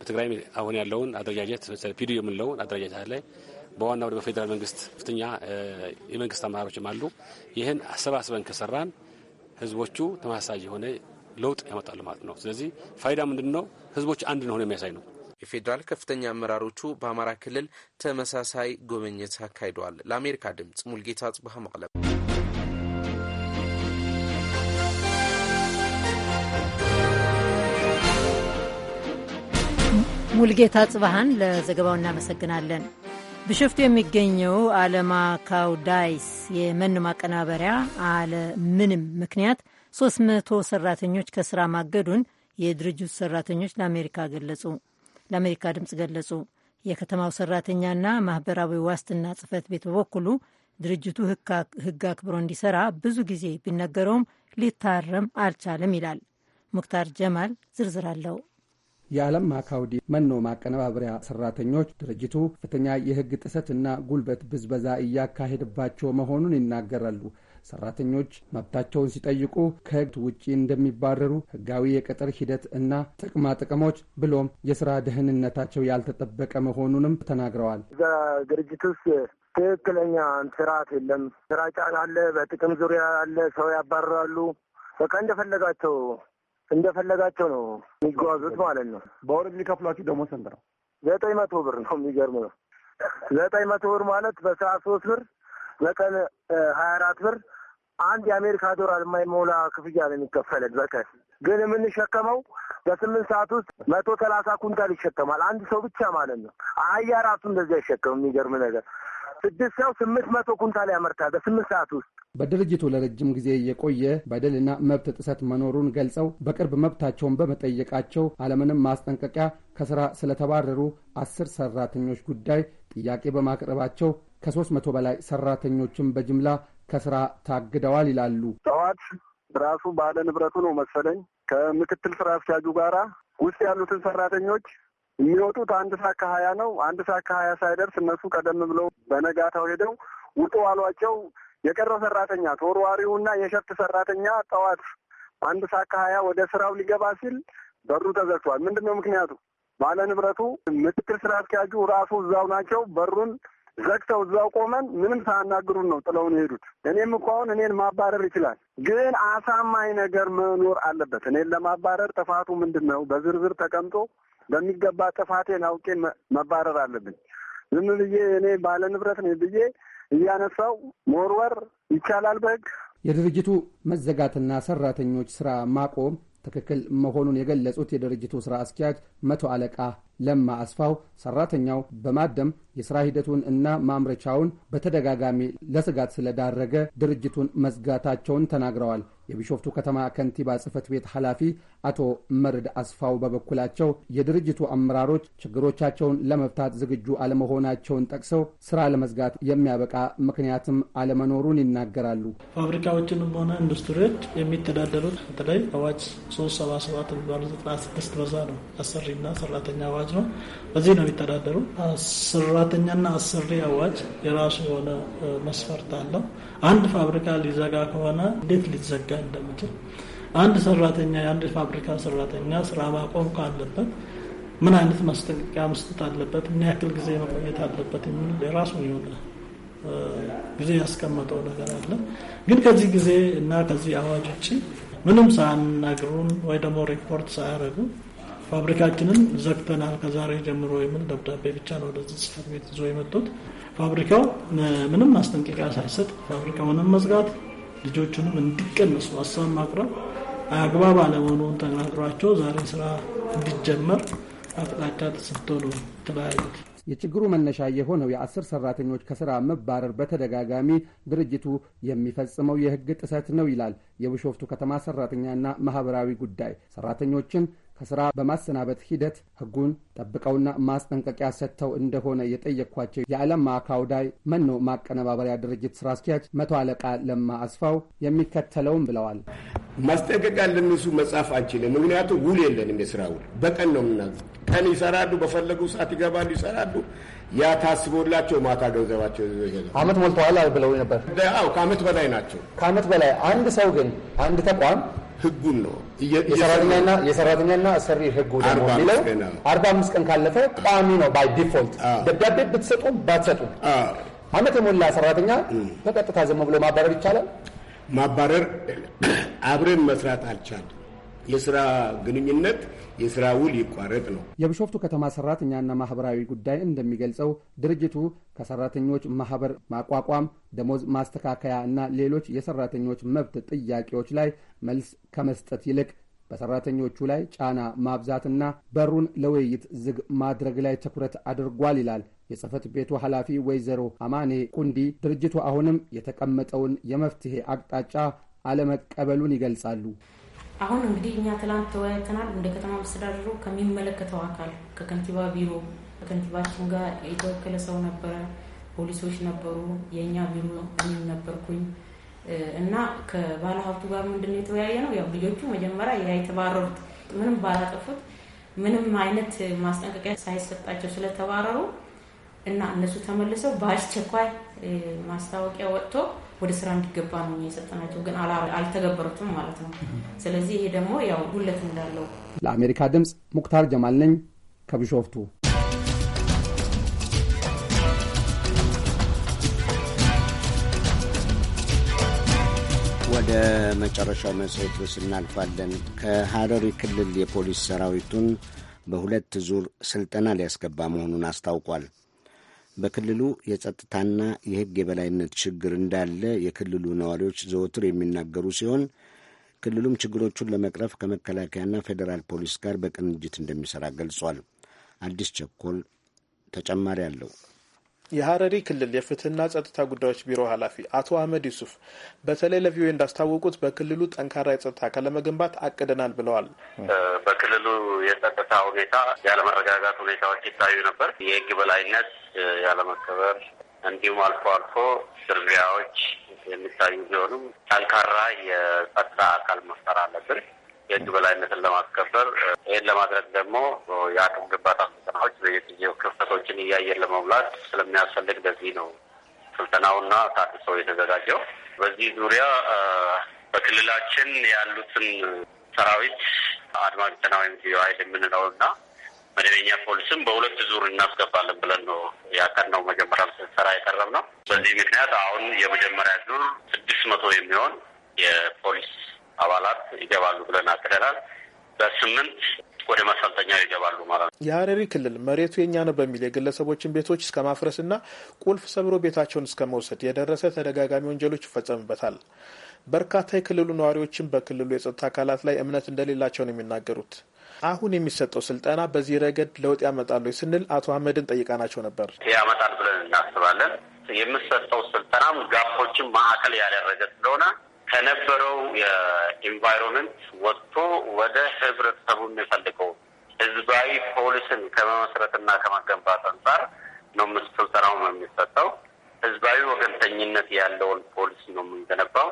በትግራይም አሁን ያለውን አደረጃጀት ፒዲ የምንለውን አደረጃጀት አለ። በዋናው ወደ በፌዴራል መንግስት ከፍተኛ የመንግስት አመራሮችም አሉ። ይህን አሰባስበን ከሰራን ህዝቦቹ ተመሳሳይ የሆነ ለውጥ ያመጣሉ ማለት ነው። ስለዚህ ፋይዳ ምንድን ነው? ህዝቦች አንድ ነው የሚያሳይ ነው። የፌዴራል ከፍተኛ አመራሮቹ በአማራ ክልል ተመሳሳይ ጉብኝት አካሂደዋል። ለአሜሪካ ድምጽ ሙልጌታ ጽብሃ መቅለ ሙልጌታ ጽባሃን ለዘገባው እናመሰግናለን። ብሸፍቱ የሚገኘው አለማካውዳይስ የመኖ ማቀናበሪያ አለ ምንም ምክንያት 300 ሰራተኞች ከስራ ማገዱን የድርጅቱ ሰራተኞች ለአሜሪካ ገለጹ። ለአሜሪካ ድምፅ ገለጹ። የከተማው ሰራተኛና ማህበራዊ ዋስትና ጽህፈት ቤት በበኩሉ ድርጅቱ ህግ አክብሮ እንዲሰራ ብዙ ጊዜ ቢነገረውም ሊታረም አልቻለም ይላል። ሙክታር ጀማል ዝርዝር አለው። የዓለም ማካውዲ መኖ ማቀነባበሪያ ሰራተኞች ድርጅቱ ከፍተኛ የህግ ጥሰትና ጉልበት ብዝበዛ እያካሄደባቸው መሆኑን ይናገራሉ። ሰራተኞች መብታቸውን ሲጠይቁ ከሕግ ውጪ እንደሚባረሩ፣ ህጋዊ የቅጥር ሂደት እና ጥቅማ ጥቅሞች ብሎም የስራ ደህንነታቸው ያልተጠበቀ መሆኑንም ተናግረዋል። ድርጅት ውስጥ ትክክለኛ ስርዓት የለም። ስራ ጫና አለ። በጥቅም ዙሪያ አለ። ሰው ያባረራሉ። በቃ እንደፈለጋቸው እንደፈለጋቸው ነው የሚጓዙት ማለት ነው። በወር የሚከፍሏችሁ ደግሞ ስንት ነው? ዘጠኝ መቶ ብር ነው። የሚገርም ነው። ዘጠኝ መቶ ብር ማለት በሰዓት ሶስት ብር፣ በቀን ሀያ አራት ብር አንድ የአሜሪካ ዶላር የማይሞላ ክፍያ ነው የሚከፈለን በቀን ግን የምንሸከመው በስምንት ሰዓት ውስጥ መቶ ሰላሳ ኩንታል ይሸከማል አንድ ሰው ብቻ ማለት ነው። አህያ ራሱ እንደዚህ ይሸከም የሚገርም ነገር ስድስት ሰው ስምንት መቶ ኩንታል ያመርታል በስምንት ሰዓት ውስጥ። በድርጅቱ ለረጅም ጊዜ የቆየ በደልና መብት ጥሰት መኖሩን ገልጸው በቅርብ መብታቸውን በመጠየቃቸው አለምንም ማስጠንቀቂያ ከስራ ስለተባረሩ አስር ሰራተኞች ጉዳይ ጥያቄ በማቅረባቸው ከሶስት መቶ በላይ ሰራተኞችን በጅምላ ከስራ ታግደዋል ይላሉ። ጠዋት ራሱ ባለ ንብረቱ ነው መሰለኝ ከምክትል ስራ አስኪያጁ ጋራ ውስጥ ያሉትን ሰራተኞች የሚወጡት አንድ ሰዓት ከሀያ ነው። አንድ ሰዓት ከሀያ ሳይደርስ እነሱ ቀደም ብለው በነጋታው ሄደው ውጡ አሏቸው። የቀረ ሰራተኛ ተወርዋሪውና የሸፍት ሰራተኛ ጠዋት አንድ ሰዓት ከሀያ ወደ ስራው ሊገባ ሲል በሩ ተዘግቷል። ምንድን ነው ምክንያቱ? ባለ ንብረቱ ምክትል ስራ አስኪያጁ ራሱ እዛው ናቸው። በሩን ዘግተው እዛው ቆመን ምንም ሳያናግሩን ነው ጥለውን የሄዱት። እኔም እኮ አሁን እኔን ማባረር ይችላል፣ ግን አሳማኝ ነገር መኖር አለበት። እኔን ለማባረር ጥፋቱ ምንድን ነው? በዝርዝር ተቀምጦ በሚገባ ጥፋቴን አውቄ መባረር አለብኝ። ዝም ብዬ እኔ ባለ ንብረት ነኝ ብዬ እያነሳው መወርወር ይቻላል በህግ የድርጅቱ መዘጋትና ሰራተኞች ስራ ማቆም ትክክል መሆኑን የገለጹት የድርጅቱ ስራ አስኪያጅ መቶ አለቃ ለማ አስፋው ሰራተኛው በማደም የስራ ሂደቱን እና ማምረቻውን በተደጋጋሚ ለስጋት ስለዳረገ ድርጅቱን መዝጋታቸውን ተናግረዋል። የቢሾፍቱ ከተማ ከንቲባ ጽህፈት ቤት ኃላፊ አቶ መርድ አስፋው በበኩላቸው የድርጅቱ አመራሮች ችግሮቻቸውን ለመፍታት ዝግጁ አለመሆናቸውን ጠቅሰው ስራ ለመዝጋት የሚያበቃ ምክንያትም አለመኖሩን ይናገራሉ። ፋብሪካዎችንም ሆነ ኢንዱስትሪዎች የሚተዳደሩት በተለይ አዋጅ 377 የሚባሉ 96 በዛ ነው። አሰሪና ሰራተኛ አዋጅ ነው። በዚህ ነው የሚተዳደሩ። ሰራተኛና አሰሪ አዋጅ የራሱ የሆነ መስፈርት አለው። አንድ ፋብሪካ ሊዘጋ ከሆነ እንዴት ሊዘጋ እንደምችል አንድ ሰራተኛ የአንድ ፋብሪካ ሰራተኛ ስራ ማቆም ካለበት ምን አይነት ማስጠንቀቂያ መስጠት አለበት፣ ምን ያክል ጊዜ መቆየት አለበት የሚል የራሱ የሆነ ጊዜ ያስቀመጠው ነገር አለ። ግን ከዚህ ጊዜ እና ከዚህ አዋጅ ውጭ ምንም ሳያናግሩን ወይ ደግሞ ሪፖርት ሳያደርጉ ፋብሪካችንን ዘግተናል ከዛሬ ጀምሮ የሚል ደብዳቤ ብቻ ነው ወደዚህ ጽፈት ቤት ይዞ የመጡት። ፋብሪካው ምንም ማስጠንቀቂያ ሳይሰጥ ፋብሪካውንም መዝጋት፣ ልጆቹንም እንዲቀንሱ ሀሳብ ማቅረብ አግባብ አለመሆኑን ተናግሯቸው ዛሬ ስራ እንዲጀመር አቅጣጫ ተሰጥቶ ነው የተለያዩት። የችግሩ መነሻ የሆነው የአስር ሰራተኞች ከስራ መባረር በተደጋጋሚ ድርጅቱ የሚፈጽመው የህግ ጥሰት ነው ይላል የብሾፍቱ ከተማ ሰራተኛና ማህበራዊ ጉዳይ ሰራተኞችን ከስራ በማሰናበት ሂደት ህጉን ጠብቀውና ማስጠንቀቂያ ሰጥተው እንደሆነ የጠየቅኳቸው የዓለም ማዕካውዳይ መኖ ማቀነባበሪያ ድርጅት ስራ አስኪያጅ መቶ አለቃ ለማ አስፋው የሚከተለውም ብለዋል። ማስጠንቀቂያ ለነሱ መጻፍ አንችልም፣ ምክንያቱም ውል የለንም። የስራ ውል በቀን ነው ምና ቀን ይሰራሉ፣ በፈለጉ ሰዓት ይገባሉ፣ ይሰራሉ። ያ ታስቦላቸው ማታ ገንዘባቸው አመት ሞልተዋል ብለው ነበር። ከአመት በላይ ናቸው። ከአመት በላይ አንድ ሰው ግን አንድ ተቋም ህጉን ነው የሰራተኛና አሰሪ ህጉ ደግሞ የሚለው አርባ አምስት ቀን ካለፈ ቋሚ ነው ባይ ዲፎልት። ደብዳቤ ብትሰጡ ባትሰጡም አመት የሞላ ሰራተኛ በቀጥታ ዝም ብሎ ማባረር ይቻላል። ማባረር አብረን መስራት አልቻለም። የስራ ግንኙነት የስራ ውል ይቋረጥ ነው። የቢሾፍቱ ከተማ ሰራተኛና ማህበራዊ ጉዳይ እንደሚገልጸው ድርጅቱ ከሰራተኞች ማህበር ማቋቋም፣ ደሞዝ ማስተካከያ እና ሌሎች የሰራተኞች መብት ጥያቄዎች ላይ መልስ ከመስጠት ይልቅ በሰራተኞቹ ላይ ጫና ማብዛትና በሩን ለውይይት ዝግ ማድረግ ላይ ትኩረት አድርጓል ይላል የጽህፈት ቤቱ ኃላፊ ወይዘሮ አማኔ ቁንዲ። ድርጅቱ አሁንም የተቀመጠውን የመፍትሄ አቅጣጫ አለመቀበሉን ይገልጻሉ። አሁን እንግዲህ እኛ ትላንት ተወያይተናል። እንደ ከተማ መስተዳደሩ ከሚመለከተው አካል ከከንቲባ ቢሮ ከከንቲባችን ጋር የተወከለ ሰው ነበረ፣ ፖሊሶች ነበሩ፣ የእኛ ቢሮ እኔም ነበርኩኝ እና ከባለ ሀብቱ ጋር ምንድን ነው የተወያየ ነው። ያው ልጆቹ መጀመሪያ ያ የተባረሩት ምንም ባላጠፉት ምንም አይነት ማስጠንቀቂያ ሳይሰጣቸው ስለተባረሩ እና እነሱ ተመልሰው በአስቸኳይ ማስታወቂያ ወጥቶ ወደ ስራ እንዲገባ ነው የሰጠናቸው፣ ግን አልተገበሩትም ማለት ነው። ስለዚህ ይሄ ደግሞ ያው ጉለት እንዳለው። ለአሜሪካ ድምፅ ሙክታር ጀማል ነኝ ከቢሾፍቱ። ወደ መጨረሻው መጽሔት ውስጥ እናልፋለን። ከሐረሪ ክልል የፖሊስ ሰራዊቱን በሁለት ዙር ስልጠና ሊያስገባ መሆኑን አስታውቋል። በክልሉ የጸጥታና የሕግ የበላይነት ችግር እንዳለ የክልሉ ነዋሪዎች ዘወትር የሚናገሩ ሲሆን ክልሉም ችግሮቹን ለመቅረፍ ከመከላከያና ፌዴራል ፖሊስ ጋር በቅንጅት እንደሚሠራ ገልጿል። አዲስ ቸኮል ተጨማሪ አለው። የሀረሪ ክልል የፍትህና ጸጥታ ጉዳዮች ቢሮ ኃላፊ አቶ አህመድ ዩሱፍ በተለይ ለቪኦኤ እንዳስታወቁት በክልሉ ጠንካራ የጸጥታ ከለመገንባት አቅደናል ብለዋል። በክልሉ የጸጥታ ሁኔታ ያለመረጋጋት ሁኔታዎች ይታዩ ነበር። የህግ በላይነት ያለመከበር፣ እንዲሁም አልፎ አልፎ ስርቢያዎች የሚታዩ ቢሆኑም ጠንካራ የጸጥታ አካል መፍጠር አለብን። የህግ በላይነትን ለማስከበር ይህን ለማድረግ ደግሞ የአቅም ግንባታ ስልጠናዎች በየጊዜው ክፍተቶችን እያየን ለመሙላት ስለሚያስፈልግ በዚህ ነው ስልጠናውና ታድሶ የተዘጋጀው። በዚህ ዙሪያ በክልላችን ያሉትን ሰራዊት አድማ ብተና ወይም ልዩ ኃይል የምንለው መደበኛ ፖሊስም በሁለት ዙር እናስገባለን ብለን ነው ነው መጀመሪያ ስንሰራ የቀረብ ነው። በዚህ ምክንያት አሁን የመጀመሪያ ዙር ስድስት መቶ የሚሆን የፖሊስ አባላት ይገባሉ ብለን አቅደናል። በስምንት ወደ ማሰልጠኛ ይገባሉ ማለት ነው። የሀረሪ ክልል መሬቱ የኛ ነው በሚል የግለሰቦችን ቤቶች እስከ ማፍረስና ቁልፍ ሰብሮ ቤታቸውን እስከ መውሰድ የደረሰ ተደጋጋሚ ወንጀሎች ይፈጸምበታል። በርካታ የክልሉ ነዋሪዎችም በክልሉ የጸጥታ አካላት ላይ እምነት እንደሌላቸው ነው የሚናገሩት። አሁን የሚሰጠው ስልጠና በዚህ ረገድ ለውጥ ያመጣሉ ስንል አቶ አህመድን ጠይቀናቸው ነበር። ያመጣል ብለን እናስባለን። የምሰጠው ስልጠናም ጋፎችን ማዕከል ያደረገ ስለሆነ ከነበረው የኢንቫይሮንመንት ወጥቶ ወደ ህብረተሰቡ የሚፈልገው ህዝባዊ ፖሊስን ከመመስረትና ከመገንባት አንጻር ነው ስልጠናው ነው የሚሰጠው። ህዝባዊ ወገንተኝነት ያለውን ፖሊስ ነው የምንገነባው።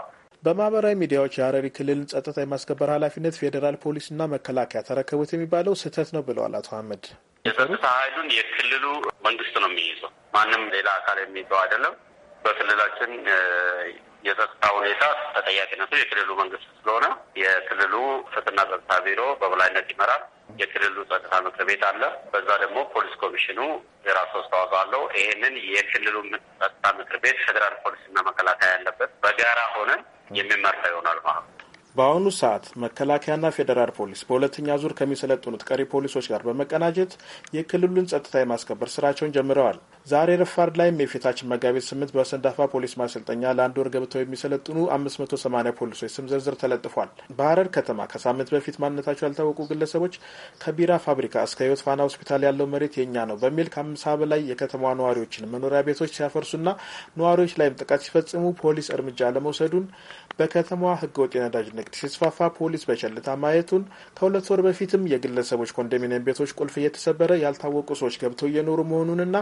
በማህበራዊ ሚዲያዎች የሀረሪ ክልልን ጸጥታ የማስከበር ኃላፊነት ፌዴራል ፖሊስና መከላከያ ተረከቡት የሚባለው ስህተት ነው ብለዋል አቶ አህመድ። የጸጥታ ኃይሉን የክልሉ መንግስት ነው የሚይዘው፣ ማንም ሌላ አካል የሚይዘው አይደለም። በክልላችን የጸጥታ ሁኔታ ተጠያቂነቱ የክልሉ መንግስት ስለሆነ የክልሉ ፍትህና ጸጥታ ቢሮ በበላይነት ይመራል። የክልሉ ጸጥታ ምክር ቤት አለ። በዛ ደግሞ ፖሊስ ኮሚሽኑ የራሱ አስተዋጽኦ አለው። ይህንን የክልሉ ጸጥታ ምክር ቤት ፌዴራል ፖሊስና መከላከያ ያለበት በጋራ ሆነን የሚመራ ይሆናል ማለት ነው። በአሁኑ ሰዓት መከላከያና ፌዴራል ፖሊስ በሁለተኛ ዙር ከሚሰለጥኑት ቀሪ ፖሊሶች ጋር በመቀናጀት የክልሉን ጸጥታ የማስከበር ስራቸውን ጀምረዋል። ዛሬ ረፋድ ላይም የፊታችን መጋቢት ስምንት በሰንዳፋ ፖሊስ ማሰልጠኛ ለአንድ ወር ገብተው የሚሰለጥኑ አምስት መቶ ሰማኒያ ፖሊሶች ስም ዝርዝር ተለጥፏል። በሀረር ከተማ ከሳምንት በፊት ማንነታቸው ያልታወቁ ግለሰቦች ከቢራ ፋብሪካ እስከ ህይወት ፋና ሆስፒታል ያለው መሬት የእኛ ነው በሚል ከአምሳ በላይ የከተማ ነዋሪዎችን መኖሪያ ቤቶች ሲያፈርሱና ነዋሪዎች ላይም ጥቃት ሲፈጽሙ ፖሊስ እርምጃ አለመውሰዱን በከተማዋ ህገወጥ የነዳጅ ንግድ ሲስፋፋ ፖሊስ በቸልታ ማየቱን ከሁለት ወር በፊትም የግለሰቦች ኮንዶሚኒየም ቤቶች ቁልፍ እየተሰበረ ያልታወቁ ሰዎች ገብተው እየኖሩ መሆኑንና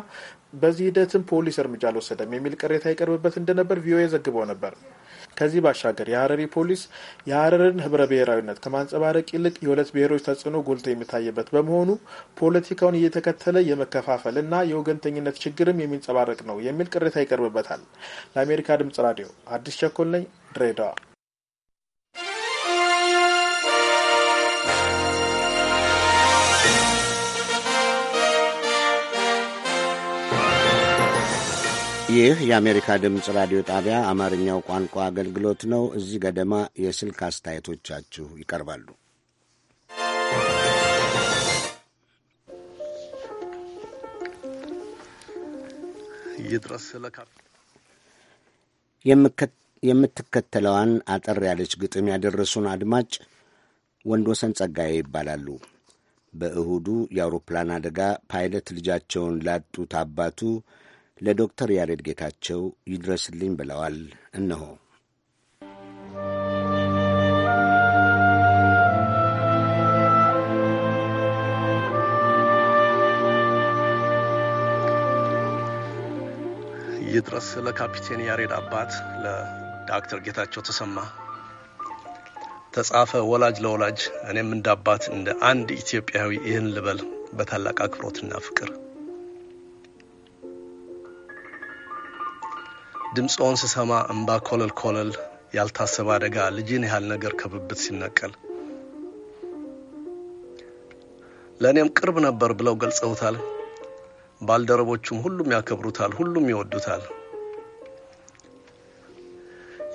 በዚህ ሂደትም ፖሊስ እርምጃ አልወሰደም የሚል ቅሬታ ይቀርብበት እንደነበር ቪኦኤ ዘግበው ነበር። ከዚህ ባሻገር የሀረሪ ፖሊስ የሀረርን ህብረ ብሔራዊነት ከማንጸባረቅ ይልቅ የሁለት ብሔሮች ተጽዕኖ ጎልቶ የሚታይበት በመሆኑ ፖለቲካውን እየተከተለ የመከፋፈል እና የወገንተኝነት ችግርም የሚንጸባረቅ ነው የሚል ቅሬታ ይቀርብበታል። ለአሜሪካ ድምጽ ራዲዮ አዲስ ቸኮል ነኝ ድሬዳዋ። ይህ የአሜሪካ ድምፅ ራዲዮ ጣቢያ አማርኛው ቋንቋ አገልግሎት ነው። እዚህ ገደማ የስልክ አስተያየቶቻችሁ ይቀርባሉ። የምትከተለዋን አጠር ያለች ግጥም ያደረሱን አድማጭ ወንዶሰን ጸጋዬ ይባላሉ። በእሁዱ የአውሮፕላን አደጋ ፓይለት ልጃቸውን ላጡት አባቱ ለዶክተር ያሬድ ጌታቸው ይድረስልኝ ብለዋል። እነሆ ይድረስ ለካፒቴን ያሬድ አባት ለዶክተር ጌታቸው ተሰማ ተጻፈ ወላጅ ለወላጅ እኔም እንደ አባት እንደ አንድ ኢትዮጵያዊ ይህን ልበል በታላቅ አክብሮትና ፍቅር ድምፅዋን ስሰማ እምባ ኮለል ኮለል፣ ያልታሰበ አደጋ፣ ልጅን ያህል ነገር ከብብት ሲነቀል ለእኔም ቅርብ ነበር ብለው ገልጸውታል። ባልደረቦቹም ሁሉም ያከብሩታል፣ ሁሉም ይወዱታል።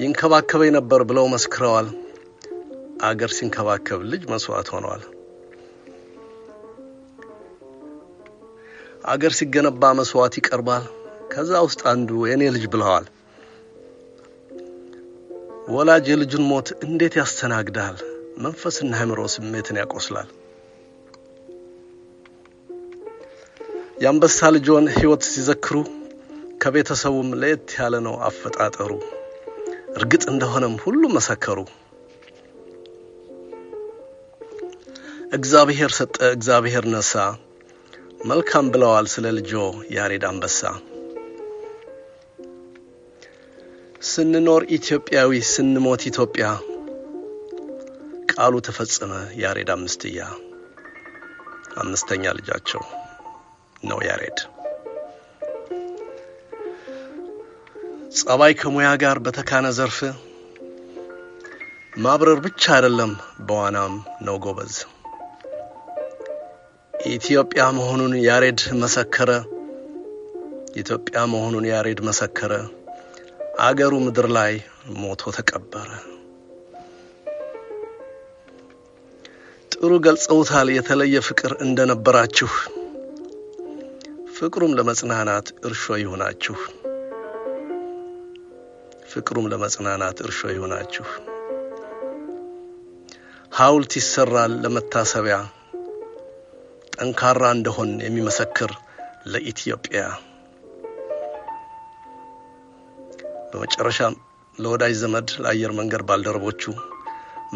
ይንከባከበኝ ነበር ብለው መስክረዋል። አገር ሲንከባከብ ልጅ መስዋዕት ሆነዋል። አገር ሲገነባ መስዋዕት ይቀርባል። ከዛ ውስጥ አንዱ የእኔ ልጅ ብለዋል። ወላጅ የልጁን ሞት እንዴት ያስተናግዳል? መንፈስና አእምሮ ስሜትን ያቆስላል። የአንበሳ ልጆን ሕይወት ሲዘክሩ ከቤተሰቡም ለየት ያለ ነው አፈጣጠሩ። እርግጥ እንደሆነም ሁሉ መሰከሩ። እግዚአብሔር ሰጠ፣ እግዚአብሔር ነሳ፣ መልካም ብለዋል ስለ ልጆ ያሬድ አንበሳ። ስንኖር ኢትዮጵያዊ ስንሞት ኢትዮጵያ ቃሉ ተፈጸመ ያሬድ አምስትያ አምስተኛ ልጃቸው ነው ያሬድ ጸባይ ከሙያ ጋር በተካነ ዘርፍ ማብረር ብቻ አይደለም በዋናም ነው ጎበዝ ኢትዮጵያ መሆኑን ያሬድ መሰከረ ኢትዮጵያ መሆኑን ያሬድ መሰከረ አገሩ ምድር ላይ ሞቶ ተቀበረ። ጥሩ ገልጸውታል። የተለየ ፍቅር እንደነበራችሁ ፍቅሩም ለመጽናናት እርሾ ይሆናችሁ ፍቅሩም ለመጽናናት እርሾ ይሆናችሁ። ሐውልት ይሰራል ለመታሰቢያ ጠንካራ እንደሆን የሚመሰክር ለኢትዮጵያ በመጨረሻም ለወዳጅ ዘመድ፣ ለአየር መንገድ ባልደረቦቹ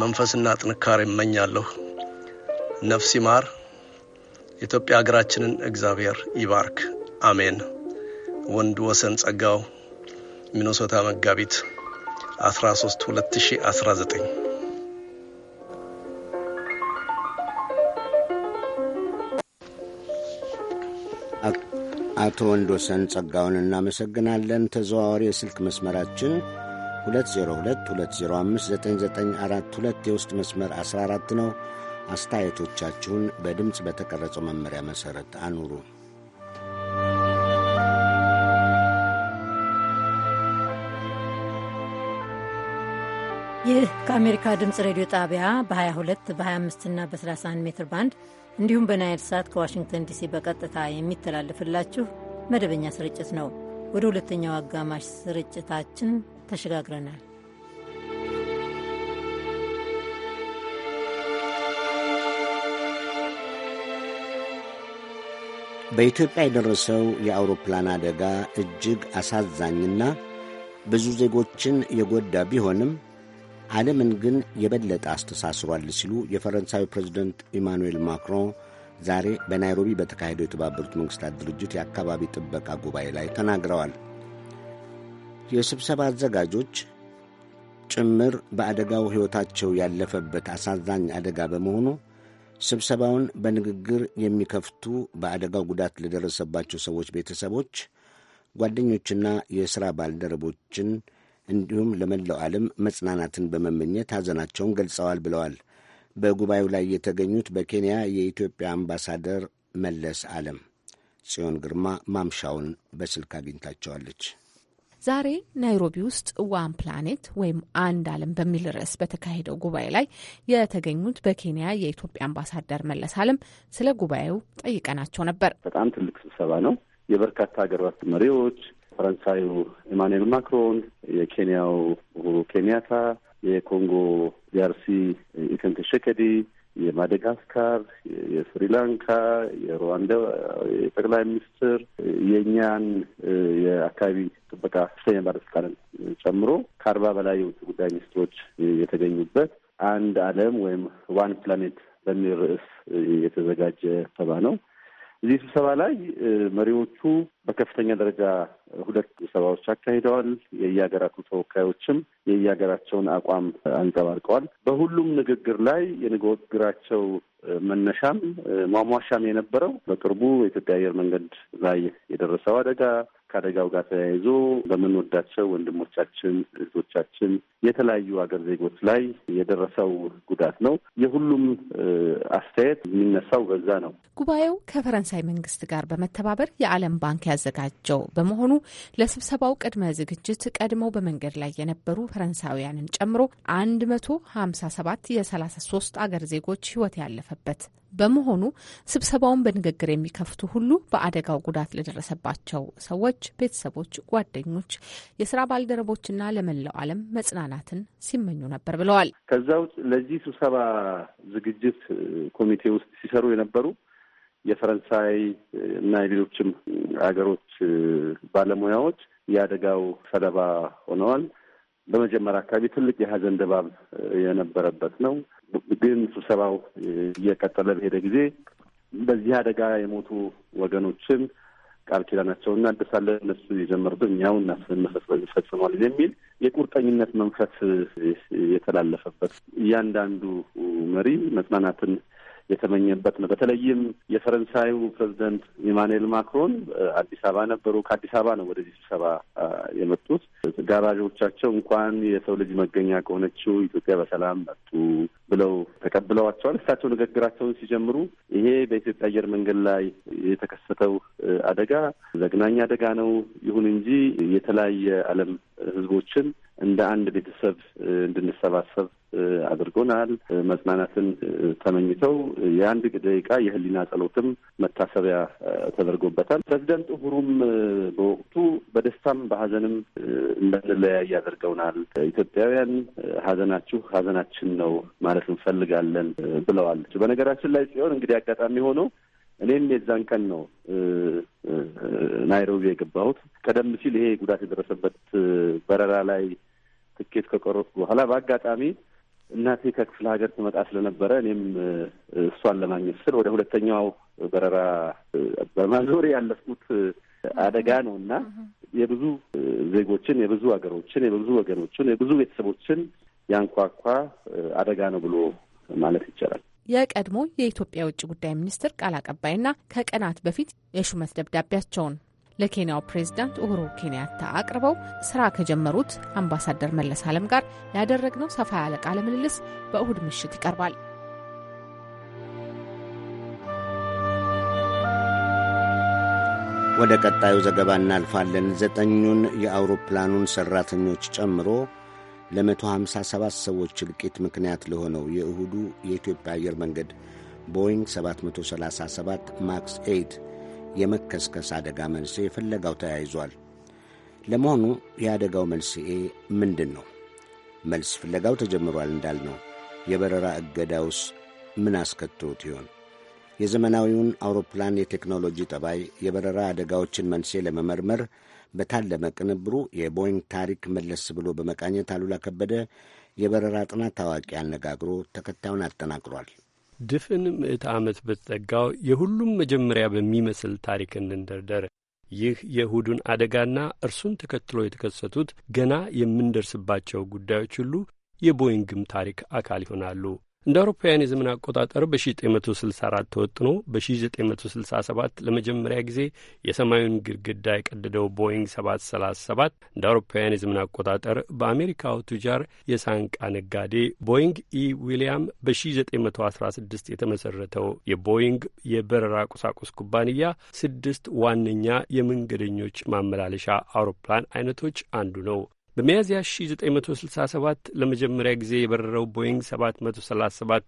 መንፈስና ጥንካሬ እመኛለሁ። ነፍስ ይማር። ኢትዮጵያ ሀገራችንን እግዚአብሔር ይባርክ። አሜን። ወንድ ወሰን ጸጋው ሚኒሶታ መጋቢት 13 2019 አቶ ወንዶሰን ጸጋውን እናመሰግናለን። ተዘዋዋሪ የስልክ መስመራችን 2022059942 የውስጥ መስመር 14 ነው። አስተያየቶቻችሁን በድምፅ በተቀረጸው መመሪያ መሠረት አኑሩ። ይህ ከአሜሪካ ድምፅ ሬዲዮ ጣቢያ በ22 በ25 እና በ31 ሜትር ባንድ እንዲሁም በናይል ሳት ከዋሽንግተን ዲሲ በቀጥታ የሚተላለፍላችሁ መደበኛ ስርጭት ነው። ወደ ሁለተኛው አጋማሽ ስርጭታችን ተሸጋግረናል። በኢትዮጵያ የደረሰው የአውሮፕላን አደጋ እጅግ አሳዛኝና ብዙ ዜጎችን የጎዳ ቢሆንም ዓለምን ግን የበለጠ አስተሳስሯል ሲሉ የፈረንሳዊ ፕሬዚደንት ኢማኑኤል ማክሮን ዛሬ በናይሮቢ በተካሄደው የተባበሩት መንግሥታት ድርጅት የአካባቢ ጥበቃ ጉባኤ ላይ ተናግረዋል። የስብሰባ አዘጋጆች ጭምር በአደጋው ሕይወታቸው ያለፈበት አሳዛኝ አደጋ በመሆኑ ስብሰባውን በንግግር የሚከፍቱ በአደጋው ጉዳት ለደረሰባቸው ሰዎች ቤተሰቦች፣ ጓደኞችና የሥራ ባልደረቦችን እንዲሁም ለመላው ዓለም መጽናናትን በመመኘት ሐዘናቸውን ገልጸዋል ብለዋል። በጉባኤው ላይ የተገኙት በኬንያ የኢትዮጵያ አምባሳደር መለስ አለም። ጽዮን ግርማ ማምሻውን በስልክ አግኝታቸዋለች። ዛሬ ናይሮቢ ውስጥ ዋን ፕላኔት ወይም አንድ ዓለም በሚል ርዕስ በተካሄደው ጉባኤ ላይ የተገኙት በኬንያ የኢትዮጵያ አምባሳደር መለስ አለም ስለ ጉባኤው ጠይቀናቸው ነበር። በጣም ትልቅ ስብሰባ ነው። የበርካታ ሀገራት መሪዎች ፈረንሳዩ ኢማኑኤል ማክሮን፣ የኬንያው ኡሁሩ ኬንያታ፣ የኮንጎ ዲአርሲ ኢተን ተሸከዲ፣ የማደጋስካር፣ የስሪላንካ፣ የሩዋንዳ የጠቅላይ ሚኒስትር የእኛን የአካባቢ ጥበቃ ከፍተኛ ባለስልጣንን ጨምሮ ከአርባ በላይ የውጭ ጉዳይ ሚኒስትሮች የተገኙበት አንድ ዓለም ወይም ዋን ፕላኔት በሚል ርዕስ የተዘጋጀ ሰባ ነው። እዚህ ስብሰባ ላይ መሪዎቹ በከፍተኛ ደረጃ ሁለት ስብሰባዎች አካሂደዋል። የየሀገራቱ ተወካዮችም የየሀገራቸውን አቋም አንጸባርቀዋል። በሁሉም ንግግር ላይ የንግግራቸው መነሻም ሟሟሻም የነበረው በቅርቡ በኢትዮጵያ አየር መንገድ ላይ የደረሰው አደጋ ከአደጋው ጋር ተያይዞ በምንወዳቸው ወንድሞቻችን፣ እህቶቻችን የተለያዩ ሀገር ዜጎች ላይ የደረሰው ጉዳት ነው። የሁሉም አስተያየት የሚነሳው በዛ ነው። ጉባኤው ከፈረንሳይ መንግስት ጋር በመተባበር የዓለም ባንክ ያዘጋጀው በመሆኑ ለስብሰባው ቅድመ ዝግጅት ቀድመው በመንገድ ላይ የነበሩ ፈረንሳውያንን ጨምሮ አንድ መቶ ሀምሳ ሰባት የሰላሳ ሶስት አገር ዜጎች ህይወት ያለፈበት በመሆኑ ስብሰባውን በንግግር የሚከፍቱ ሁሉ በአደጋው ጉዳት ለደረሰባቸው ሰዎች ቤተሰቦች፣ ጓደኞች፣ የስራ ባልደረቦችና ለመላው ዓለም መጽናናትን ሲመኙ ነበር ብለዋል። ከዛ ውጭ ለዚህ ስብሰባ ዝግጅት ኮሚቴ ውስጥ ሲሰሩ የነበሩ የፈረንሳይ እና የሌሎችም ሀገሮች ባለሙያዎች የአደጋው ሰለባ ሆነዋል። በመጀመሪያ አካባቢ ትልቅ የሀዘን ድባብ የነበረበት ነው። ግን ስብሰባው እየቀጠለ በሄደ ጊዜ በዚህ አደጋ የሞቱ ወገኖችን ቃል ኪዳናቸውን እናድሳለን፣ እነሱ የጀመሩትን እኛው እንፈጽመዋለን የሚል የቁርጠኝነት መንፈስ የተላለፈበት እያንዳንዱ መሪ መጽናናትን የተመኘበት ነው። በተለይም የፈረንሳዩ ፕሬዚደንት ኢማኑኤል ማክሮን አዲስ አበባ ነበሩ። ከአዲስ አበባ ነው ወደዚህ ስብሰባ የመጡት። ጋባዦቻቸው እንኳን የሰው ልጅ መገኛ ከሆነችው ኢትዮጵያ በሰላም መጡ ብለው ተቀብለዋቸዋል። እሳቸው ንግግራቸውን ሲጀምሩ ይሄ በኢትዮጵያ አየር መንገድ ላይ የተከሰተው አደጋ ዘግናኝ አደጋ ነው። ይሁን እንጂ የተለያየ ዓለም ህዝቦችን እንደ አንድ ቤተሰብ እንድንሰባሰብ አድርጎናል። መጽናናትን ተመኝተው የአንድ ደቂቃ የህሊና ጸሎትም መታሰቢያ ተደርጎበታል። ፕሬዚደንት ሁሩም በወቅቱ በደስታም በሀዘንም እንዳንለያይ ያደርገውናል። ኢትዮጵያውያን ሀዘናችሁ ሀዘናችን ነው ማለት እንፈልጋለን ብለዋል። በነገራችን ላይ ሲሆን እንግዲህ አጋጣሚ ሆነው እኔም የዛን ቀን ነው ናይሮቢ የገባሁት። ቀደም ሲል ይሄ ጉዳት የደረሰበት በረራ ላይ ትኬት ከቆረጥኩ በኋላ በአጋጣሚ እናቴ ከክፍለ ሀገር ትመጣ ስለነበረ እኔም እሷን ለማግኘት ስል ወደ ሁለተኛው በረራ በማዞር ያለፍኩት አደጋ ነው እና የብዙ ዜጎችን የብዙ ሀገሮችን የብዙ ወገኖችን የብዙ ቤተሰቦችን ያንኳኳ አደጋ ነው ብሎ ማለት ይቻላል። የቀድሞ የኢትዮጵያ የውጭ ጉዳይ ሚኒስትር ቃል አቀባይና ከቀናት በፊት የሹመት ደብዳቤያቸውን ለኬንያው ፕሬዝዳንት ኡሁሩ ኬንያታ አቅርበው ስራ ከጀመሩት አምባሳደር መለስ አለም ጋር ያደረግነው ሰፋ ያለ ቃለ ምልልስ በእሁድ ምሽት ይቀርባል። ወደ ቀጣዩ ዘገባ እናልፋለን። ዘጠኙን የአውሮፕላኑን ሠራተኞች ጨምሮ ለ157 ሰዎች እልቂት ምክንያት ለሆነው የእሁዱ የኢትዮጵያ አየር መንገድ ቦይንግ 737 ማክስ 8 የመከስከስ አደጋ መንስኤ ፍለጋው ተያይዟል። ለመሆኑ የአደጋው መንስኤ ምንድን ነው? መልስ ፍለጋው ተጀምሯል እንዳልነው። የበረራ እገዳውስ ምን አስከትሎት ይሆን? የዘመናዊውን አውሮፕላን የቴክኖሎጂ ጠባይ፣ የበረራ አደጋዎችን መንስኤ ለመመርመር በታለመ ቅንብሩ የቦይንግ ታሪክ መለስ ብሎ በመቃኘት አሉላ ከበደ የበረራ ጥናት ታዋቂ አነጋግሮ ተከታዩን አጠናቅሯል። ድፍን ምዕተ ዓመት በተጠጋው የሁሉም መጀመሪያ በሚመስል ታሪክ እንንደርደር። ይህ የእሁዱን አደጋና እርሱን ተከትሎ የተከሰቱት ገና የምንደርስባቸው ጉዳዮች ሁሉ የቦይንግም ታሪክ አካል ይሆናሉ። እንደ አውሮፓውያን የዘመን አቆጣጠር በ1964 ተወጥኖ በ1967 ለመጀመሪያ ጊዜ የሰማዩን ግድግዳ የቀደደው ቦይንግ 737 እንደ አውሮፓውያን የዘመን አቆጣጠር በአሜሪካው ቱጃር የሳንቃ ነጋዴ ቦይንግ ኢ ዊሊያም በ1916 የተመሰረተው የቦይንግ የበረራ ቁሳቁስ ኩባንያ ስድስት ዋነኛ የመንገደኞች ማመላለሻ አውሮፕላን አይነቶች አንዱ ነው። በሚያዝያ 1967 ለመጀመሪያ ጊዜ የበረረው ቦይንግ 737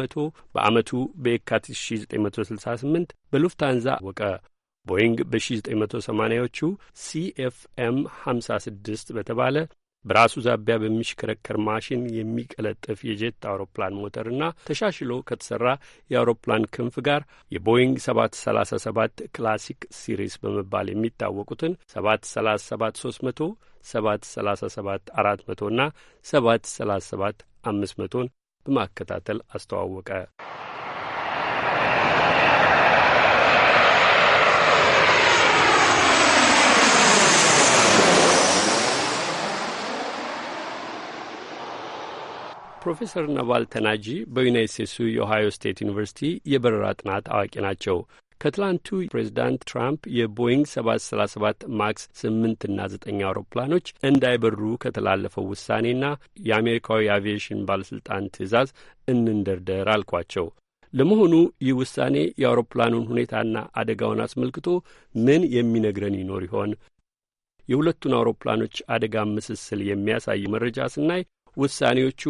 100 በአመቱ በየካቲት 1968 በሉፍታንዛ ወቀ። ቦይንግ በ1980ዎቹ ሲኤፍኤም 56 በተባለ በራሱ ዛቢያ በሚሽከረከር ማሽን የሚቀለጥፍ የጄት አውሮፕላን ሞተርና ተሻሽሎ ከተሰራ የአውሮፕላን ክንፍ ጋር የቦይንግ 737 ክላሲክ ሲሪስ በመባል የሚታወቁትን 737 300 ሰባት ሰላሳ ሰባት አራት ና ሰባት ሰላሳ ሰባት አምስት መቶን በማከታተል አስተዋወቀ። ፕሮፌሰር ነቫል ተናጂ በዩናይት ስቴትሱ የኦሃዮ ስቴት ዩኒቨርሲቲ የበረራ ጥናት አዋቂ ናቸው። ከትላንቱ ፕሬዚዳንት ትራምፕ የቦይንግ 737 ማክስ 8 እና 9 አውሮፕላኖች እንዳይበሩ ከተላለፈው ውሳኔና የአሜሪካዊ አቪዬሽን ባለሥልጣን ትዕዛዝ እንንደርደር አልኳቸው። ለመሆኑ ይህ ውሳኔ የአውሮፕላኑን ሁኔታና አደጋውን አስመልክቶ ምን የሚነግረን ይኖር ይሆን? የሁለቱን አውሮፕላኖች አደጋ ምስስል የሚያሳይ መረጃ ስናይ ውሳኔዎቹ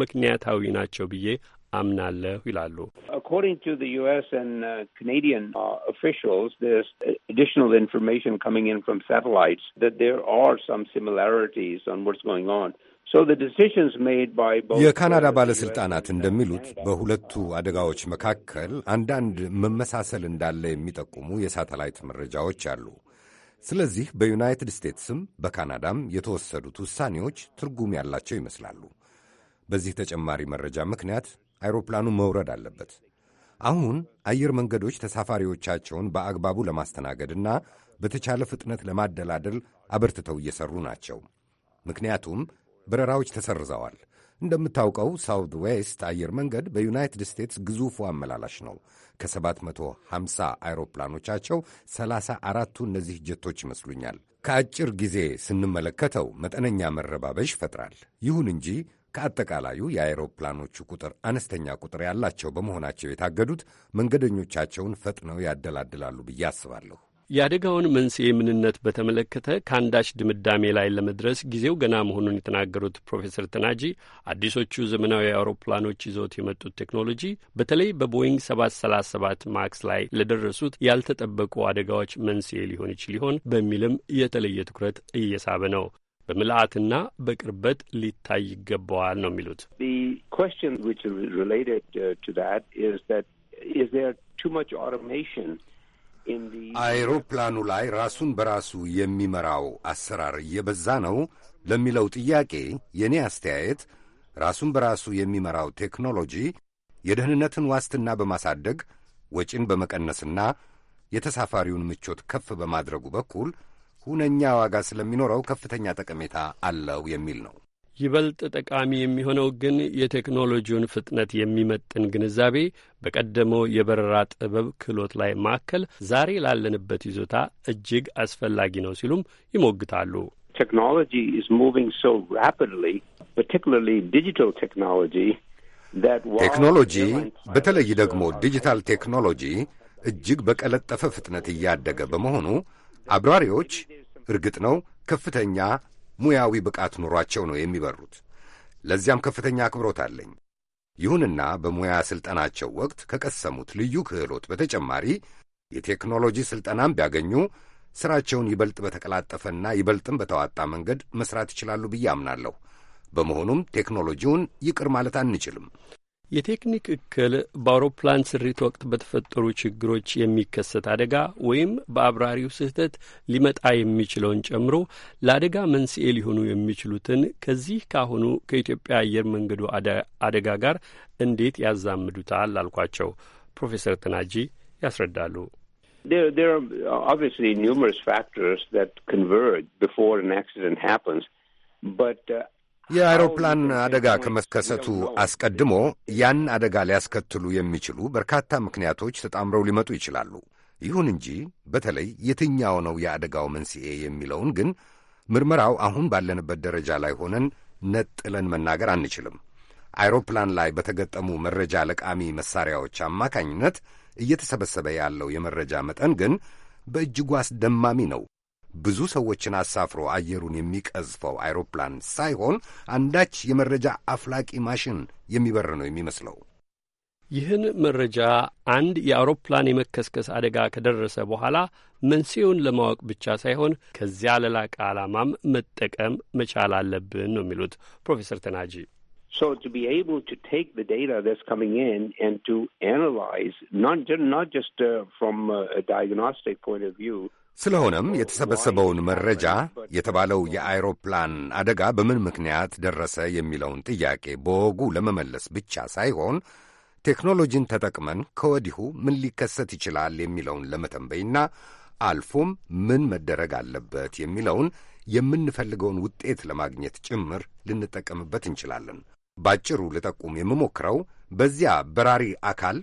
ምክንያታዊ ናቸው ብዬ አምናለሁ ይላሉ። uh, uh, የካናዳ ባለስልጣናት እንደሚሉት በሁለቱ አደጋዎች መካከል አንዳንድ መመሳሰል እንዳለ የሚጠቁሙ የሳተላይት መረጃዎች አሉ። ስለዚህ በዩናይትድ ስቴትስም በካናዳም የተወሰዱት ውሳኔዎች ትርጉም ያላቸው ይመስላሉ። በዚህ ተጨማሪ መረጃ ምክንያት አይሮፕላኑ መውረድ አለበት። አሁን አየር መንገዶች ተሳፋሪዎቻቸውን በአግባቡ ለማስተናገድና በተቻለ ፍጥነት ለማደላደል አበርትተው እየሰሩ ናቸው። ምክንያቱም በረራዎች ተሰርዘዋል። እንደምታውቀው ሳውት ዌስት አየር መንገድ በዩናይትድ ስቴትስ ግዙፉ አመላላሽ ነው። ከ750 አይሮፕላኖቻቸው 34ቱ እነዚህ ጀቶች ይመስሉኛል። ከአጭር ጊዜ ስንመለከተው መጠነኛ መረባበሽ ይፈጥራል። ይሁን እንጂ ከአጠቃላዩ የአውሮፕላኖቹ ቁጥር አነስተኛ ቁጥር ያላቸው በመሆናቸው የታገዱት መንገደኞቻቸውን ፈጥነው ያደላድላሉ ብዬ አስባለሁ። የአደጋውን መንስኤ ምንነት በተመለከተ ከአንዳች ድምዳሜ ላይ ለመድረስ ጊዜው ገና መሆኑን የተናገሩት ፕሮፌሰር ተናጂ አዲሶቹ ዘመናዊ አውሮፕላኖች ይዘውት የመጡት ቴክኖሎጂ በተለይ በቦይንግ 737 ማክስ ላይ ለደረሱት ያልተጠበቁ አደጋዎች መንስኤ ሊሆን ይችል ይሆን በሚልም የተለየ ትኩረት እየሳበ ነው። በምልአትና በቅርበት ሊታይ ይገባዋል ነው የሚሉት። uh, አይሮፕላኑ ላይ ራሱን በራሱ የሚመራው አሰራር እየበዛ ነው ለሚለው ጥያቄ የእኔ አስተያየት ራሱን በራሱ የሚመራው ቴክኖሎጂ የደህንነትን ዋስትና በማሳደግ ወጪን በመቀነስና የተሳፋሪውን ምቾት ከፍ በማድረጉ በኩል ሁነኛ ዋጋ ስለሚኖረው ከፍተኛ ጠቀሜታ አለው የሚል ነው። ይበልጥ ጠቃሚ የሚሆነው ግን የቴክኖሎጂውን ፍጥነት የሚመጥን ግንዛቤ በቀደመው የበረራ ጥበብ ክህሎት ላይ ማከል ዛሬ ላለንበት ይዞታ እጅግ አስፈላጊ ነው ሲሉም ይሞግታሉ። ቴክኖሎጂ በተለይ ደግሞ ዲጂታል ቴክኖሎጂ እጅግ በቀለጠፈ ፍጥነት እያደገ በመሆኑ አብራሪዎች እርግጥ ነው ከፍተኛ ሙያዊ ብቃት ኑሯቸው ነው የሚበሩት። ለዚያም ከፍተኛ አክብሮት አለኝ። ይሁንና በሙያ ሥልጠናቸው ወቅት ከቀሰሙት ልዩ ክህሎት በተጨማሪ የቴክኖሎጂ ሥልጠናም ቢያገኙ ሥራቸውን ይበልጥ በተቀላጠፈና ይበልጥም በተዋጣ መንገድ መሥራት ይችላሉ ብዬ አምናለሁ። በመሆኑም ቴክኖሎጂውን ይቅር ማለት አንችልም። የቴክኒክ እክል በአውሮፕላን ስሪት ወቅት በተፈጠሩ ችግሮች የሚከሰት አደጋ ወይም በአብራሪው ስህተት ሊመጣ የሚችለውን ጨምሮ ለአደጋ መንስኤ ሊሆኑ የሚችሉትን ከዚህ ካሁኑ ከኢትዮጵያ አየር መንገዱ አደጋ ጋር እንዴት ያዛምዱታል? አልኳቸው። ፕሮፌሰር ተናጂ ያስረዳሉ። There, there are obviously numerous factors but uh, የአውሮፕላን አደጋ ከመከሰቱ አስቀድሞ ያን አደጋ ሊያስከትሉ የሚችሉ በርካታ ምክንያቶች ተጣምረው ሊመጡ ይችላሉ። ይሁን እንጂ በተለይ የትኛው ነው የአደጋው መንስኤ የሚለውን ግን ምርመራው አሁን ባለንበት ደረጃ ላይ ሆነን ነጥለን መናገር አንችልም። አይሮፕላን ላይ በተገጠሙ መረጃ ለቃሚ መሳሪያዎች አማካኝነት እየተሰበሰበ ያለው የመረጃ መጠን ግን በእጅጉ አስደማሚ ነው። ብዙ ሰዎችን አሳፍሮ አየሩን የሚቀዝፈው አይሮፕላን ሳይሆን አንዳች የመረጃ አፍላቂ ማሽን የሚበር ነው የሚመስለው። ይህን መረጃ አንድ የአውሮፕላን የመከስከስ አደጋ ከደረሰ በኋላ መንስኤውን ለማወቅ ብቻ ሳይሆን ከዚያ ለላቀ ዓላማም መጠቀም መቻል አለብን ነው የሚሉት ፕሮፌሰር ተናጂ። ስለሆነም የተሰበሰበውን መረጃ የተባለው የአይሮፕላን አደጋ በምን ምክንያት ደረሰ የሚለውን ጥያቄ በወጉ ለመመለስ ብቻ ሳይሆን ቴክኖሎጂን ተጠቅመን ከወዲሁ ምን ሊከሰት ይችላል የሚለውን ለመተንበይና አልፎም ምን መደረግ አለበት የሚለውን የምንፈልገውን ውጤት ለማግኘት ጭምር ልንጠቀምበት እንችላለን። ባጭሩ ልጠቁም የምሞክረው በዚያ በራሪ አካል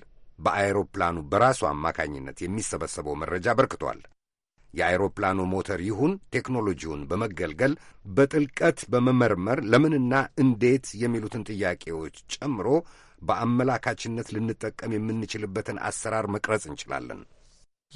በአይሮፕላኑ በራሱ አማካኝነት የሚሰበሰበው መረጃ በርክቷል። የአይሮፕላኑ ሞተር ይሁን ቴክኖሎጂውን በመገልገል በጥልቀት በመመርመር ለምንና እንዴት የሚሉትን ጥያቄዎች ጨምሮ በአመላካችነት ልንጠቀም የምንችልበትን አሰራር መቅረጽ እንችላለን።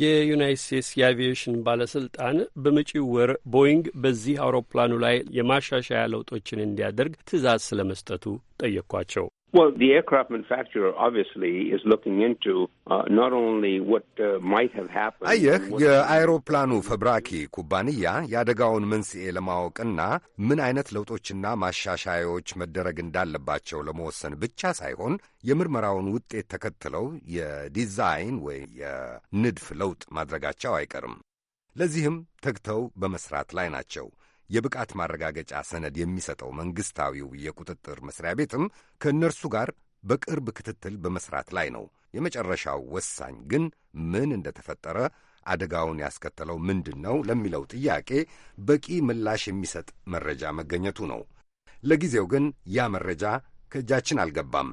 የዩናይት ስቴትስ የአቪዬሽን ባለስልጣን በመጪው ወር ቦይንግ በዚህ አውሮፕላኑ ላይ የማሻሻያ ለውጦችን እንዲያደርግ ትዕዛዝ ስለ መስጠቱ ጠየቅኳቸው። Well, the aircraft manufacturer obviously is looking into uh, not only what uh, might have happened. አየህ የአይሮፕላኑ ፈብራኪ ኩባንያ የአደጋውን መንስኤ ለማወቅና ምን አይነት ለውጦችና ማሻሻያዎች መደረግ እንዳለባቸው ለመወሰን ብቻ ሳይሆን የምርመራውን ውጤት ተከትለው የዲዛይን ወይ የንድፍ ለውጥ ማድረጋቸው አይቀርም። ለዚህም ተግተው በመስራት ላይ ናቸው። የብቃት ማረጋገጫ ሰነድ የሚሰጠው መንግሥታዊው የቁጥጥር መስሪያ ቤትም ከእነርሱ ጋር በቅርብ ክትትል በመስራት ላይ ነው። የመጨረሻው ወሳኝ ግን ምን እንደተፈጠረ አደጋውን ያስከተለው ምንድን ነው ለሚለው ጥያቄ በቂ ምላሽ የሚሰጥ መረጃ መገኘቱ ነው። ለጊዜው ግን ያ መረጃ ከእጃችን አልገባም።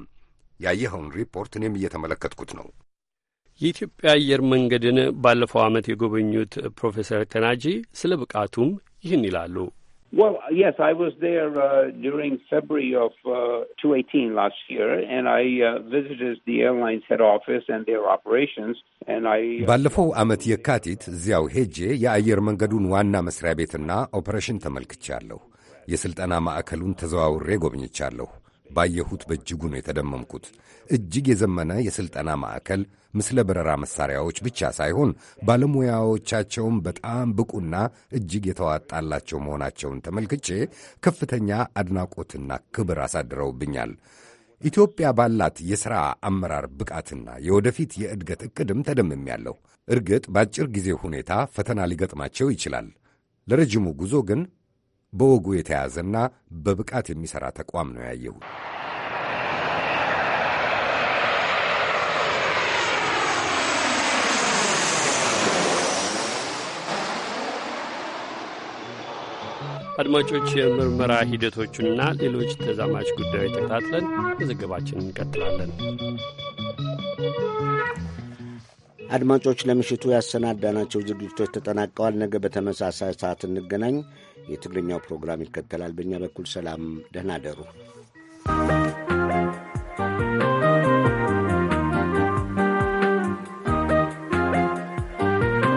ያየኸውን ሪፖርት እኔም እየተመለከትኩት ነው። የኢትዮጵያ አየር መንገድን ባለፈው ዓመት የጎበኙት ፕሮፌሰር ከናጂ ስለ ብቃቱም ይህን ይላሉ። uh, uh, ባለፈው ዓመት የካቲት እዚያው ሄጄ የአየር መንገዱን ዋና መስሪያ ቤትና ኦፐሬሽን ተመልክቻለሁ። የሥልጠና ማዕከሉን ተዘዋውሬ ጎብኝቻለሁ። ባየሁት በእጅጉ ነው የተደመምኩት። እጅግ የዘመነ የሥልጠና ማዕከል ምስለ በረራ መሣሪያዎች ብቻ ሳይሆን ባለሙያዎቻቸውም በጣም ብቁና እጅግ የተዋጣላቸው መሆናቸውን ተመልክቼ ከፍተኛ አድናቆትና ክብር አሳድረውብኛል። ኢትዮጵያ ባላት የሥራ አመራር ብቃትና የወደፊት የእድገት ዕቅድም ተደምሜያለሁ። እርግጥ በአጭር ጊዜ ሁኔታ ፈተና ሊገጥማቸው ይችላል። ለረጅሙ ጉዞ ግን በወጉ የተያዘና በብቃት የሚሠራ ተቋም ነው ያየሁት። አድማጮች የምርመራ ሂደቶቹንና ሌሎች ተዛማች ጉዳዮች ተከታትለን በዘገባችን እንቀጥላለን። አድማጮች ለምሽቱ ያሰናዳናቸው ዝግጅቶች ተጠናቀዋል። ነገ በተመሳሳይ ሰዓት እንገናኝ። የትግርኛው ፕሮግራም ይከተላል። በእኛ በኩል ሰላም፣ ደህና አደሩ።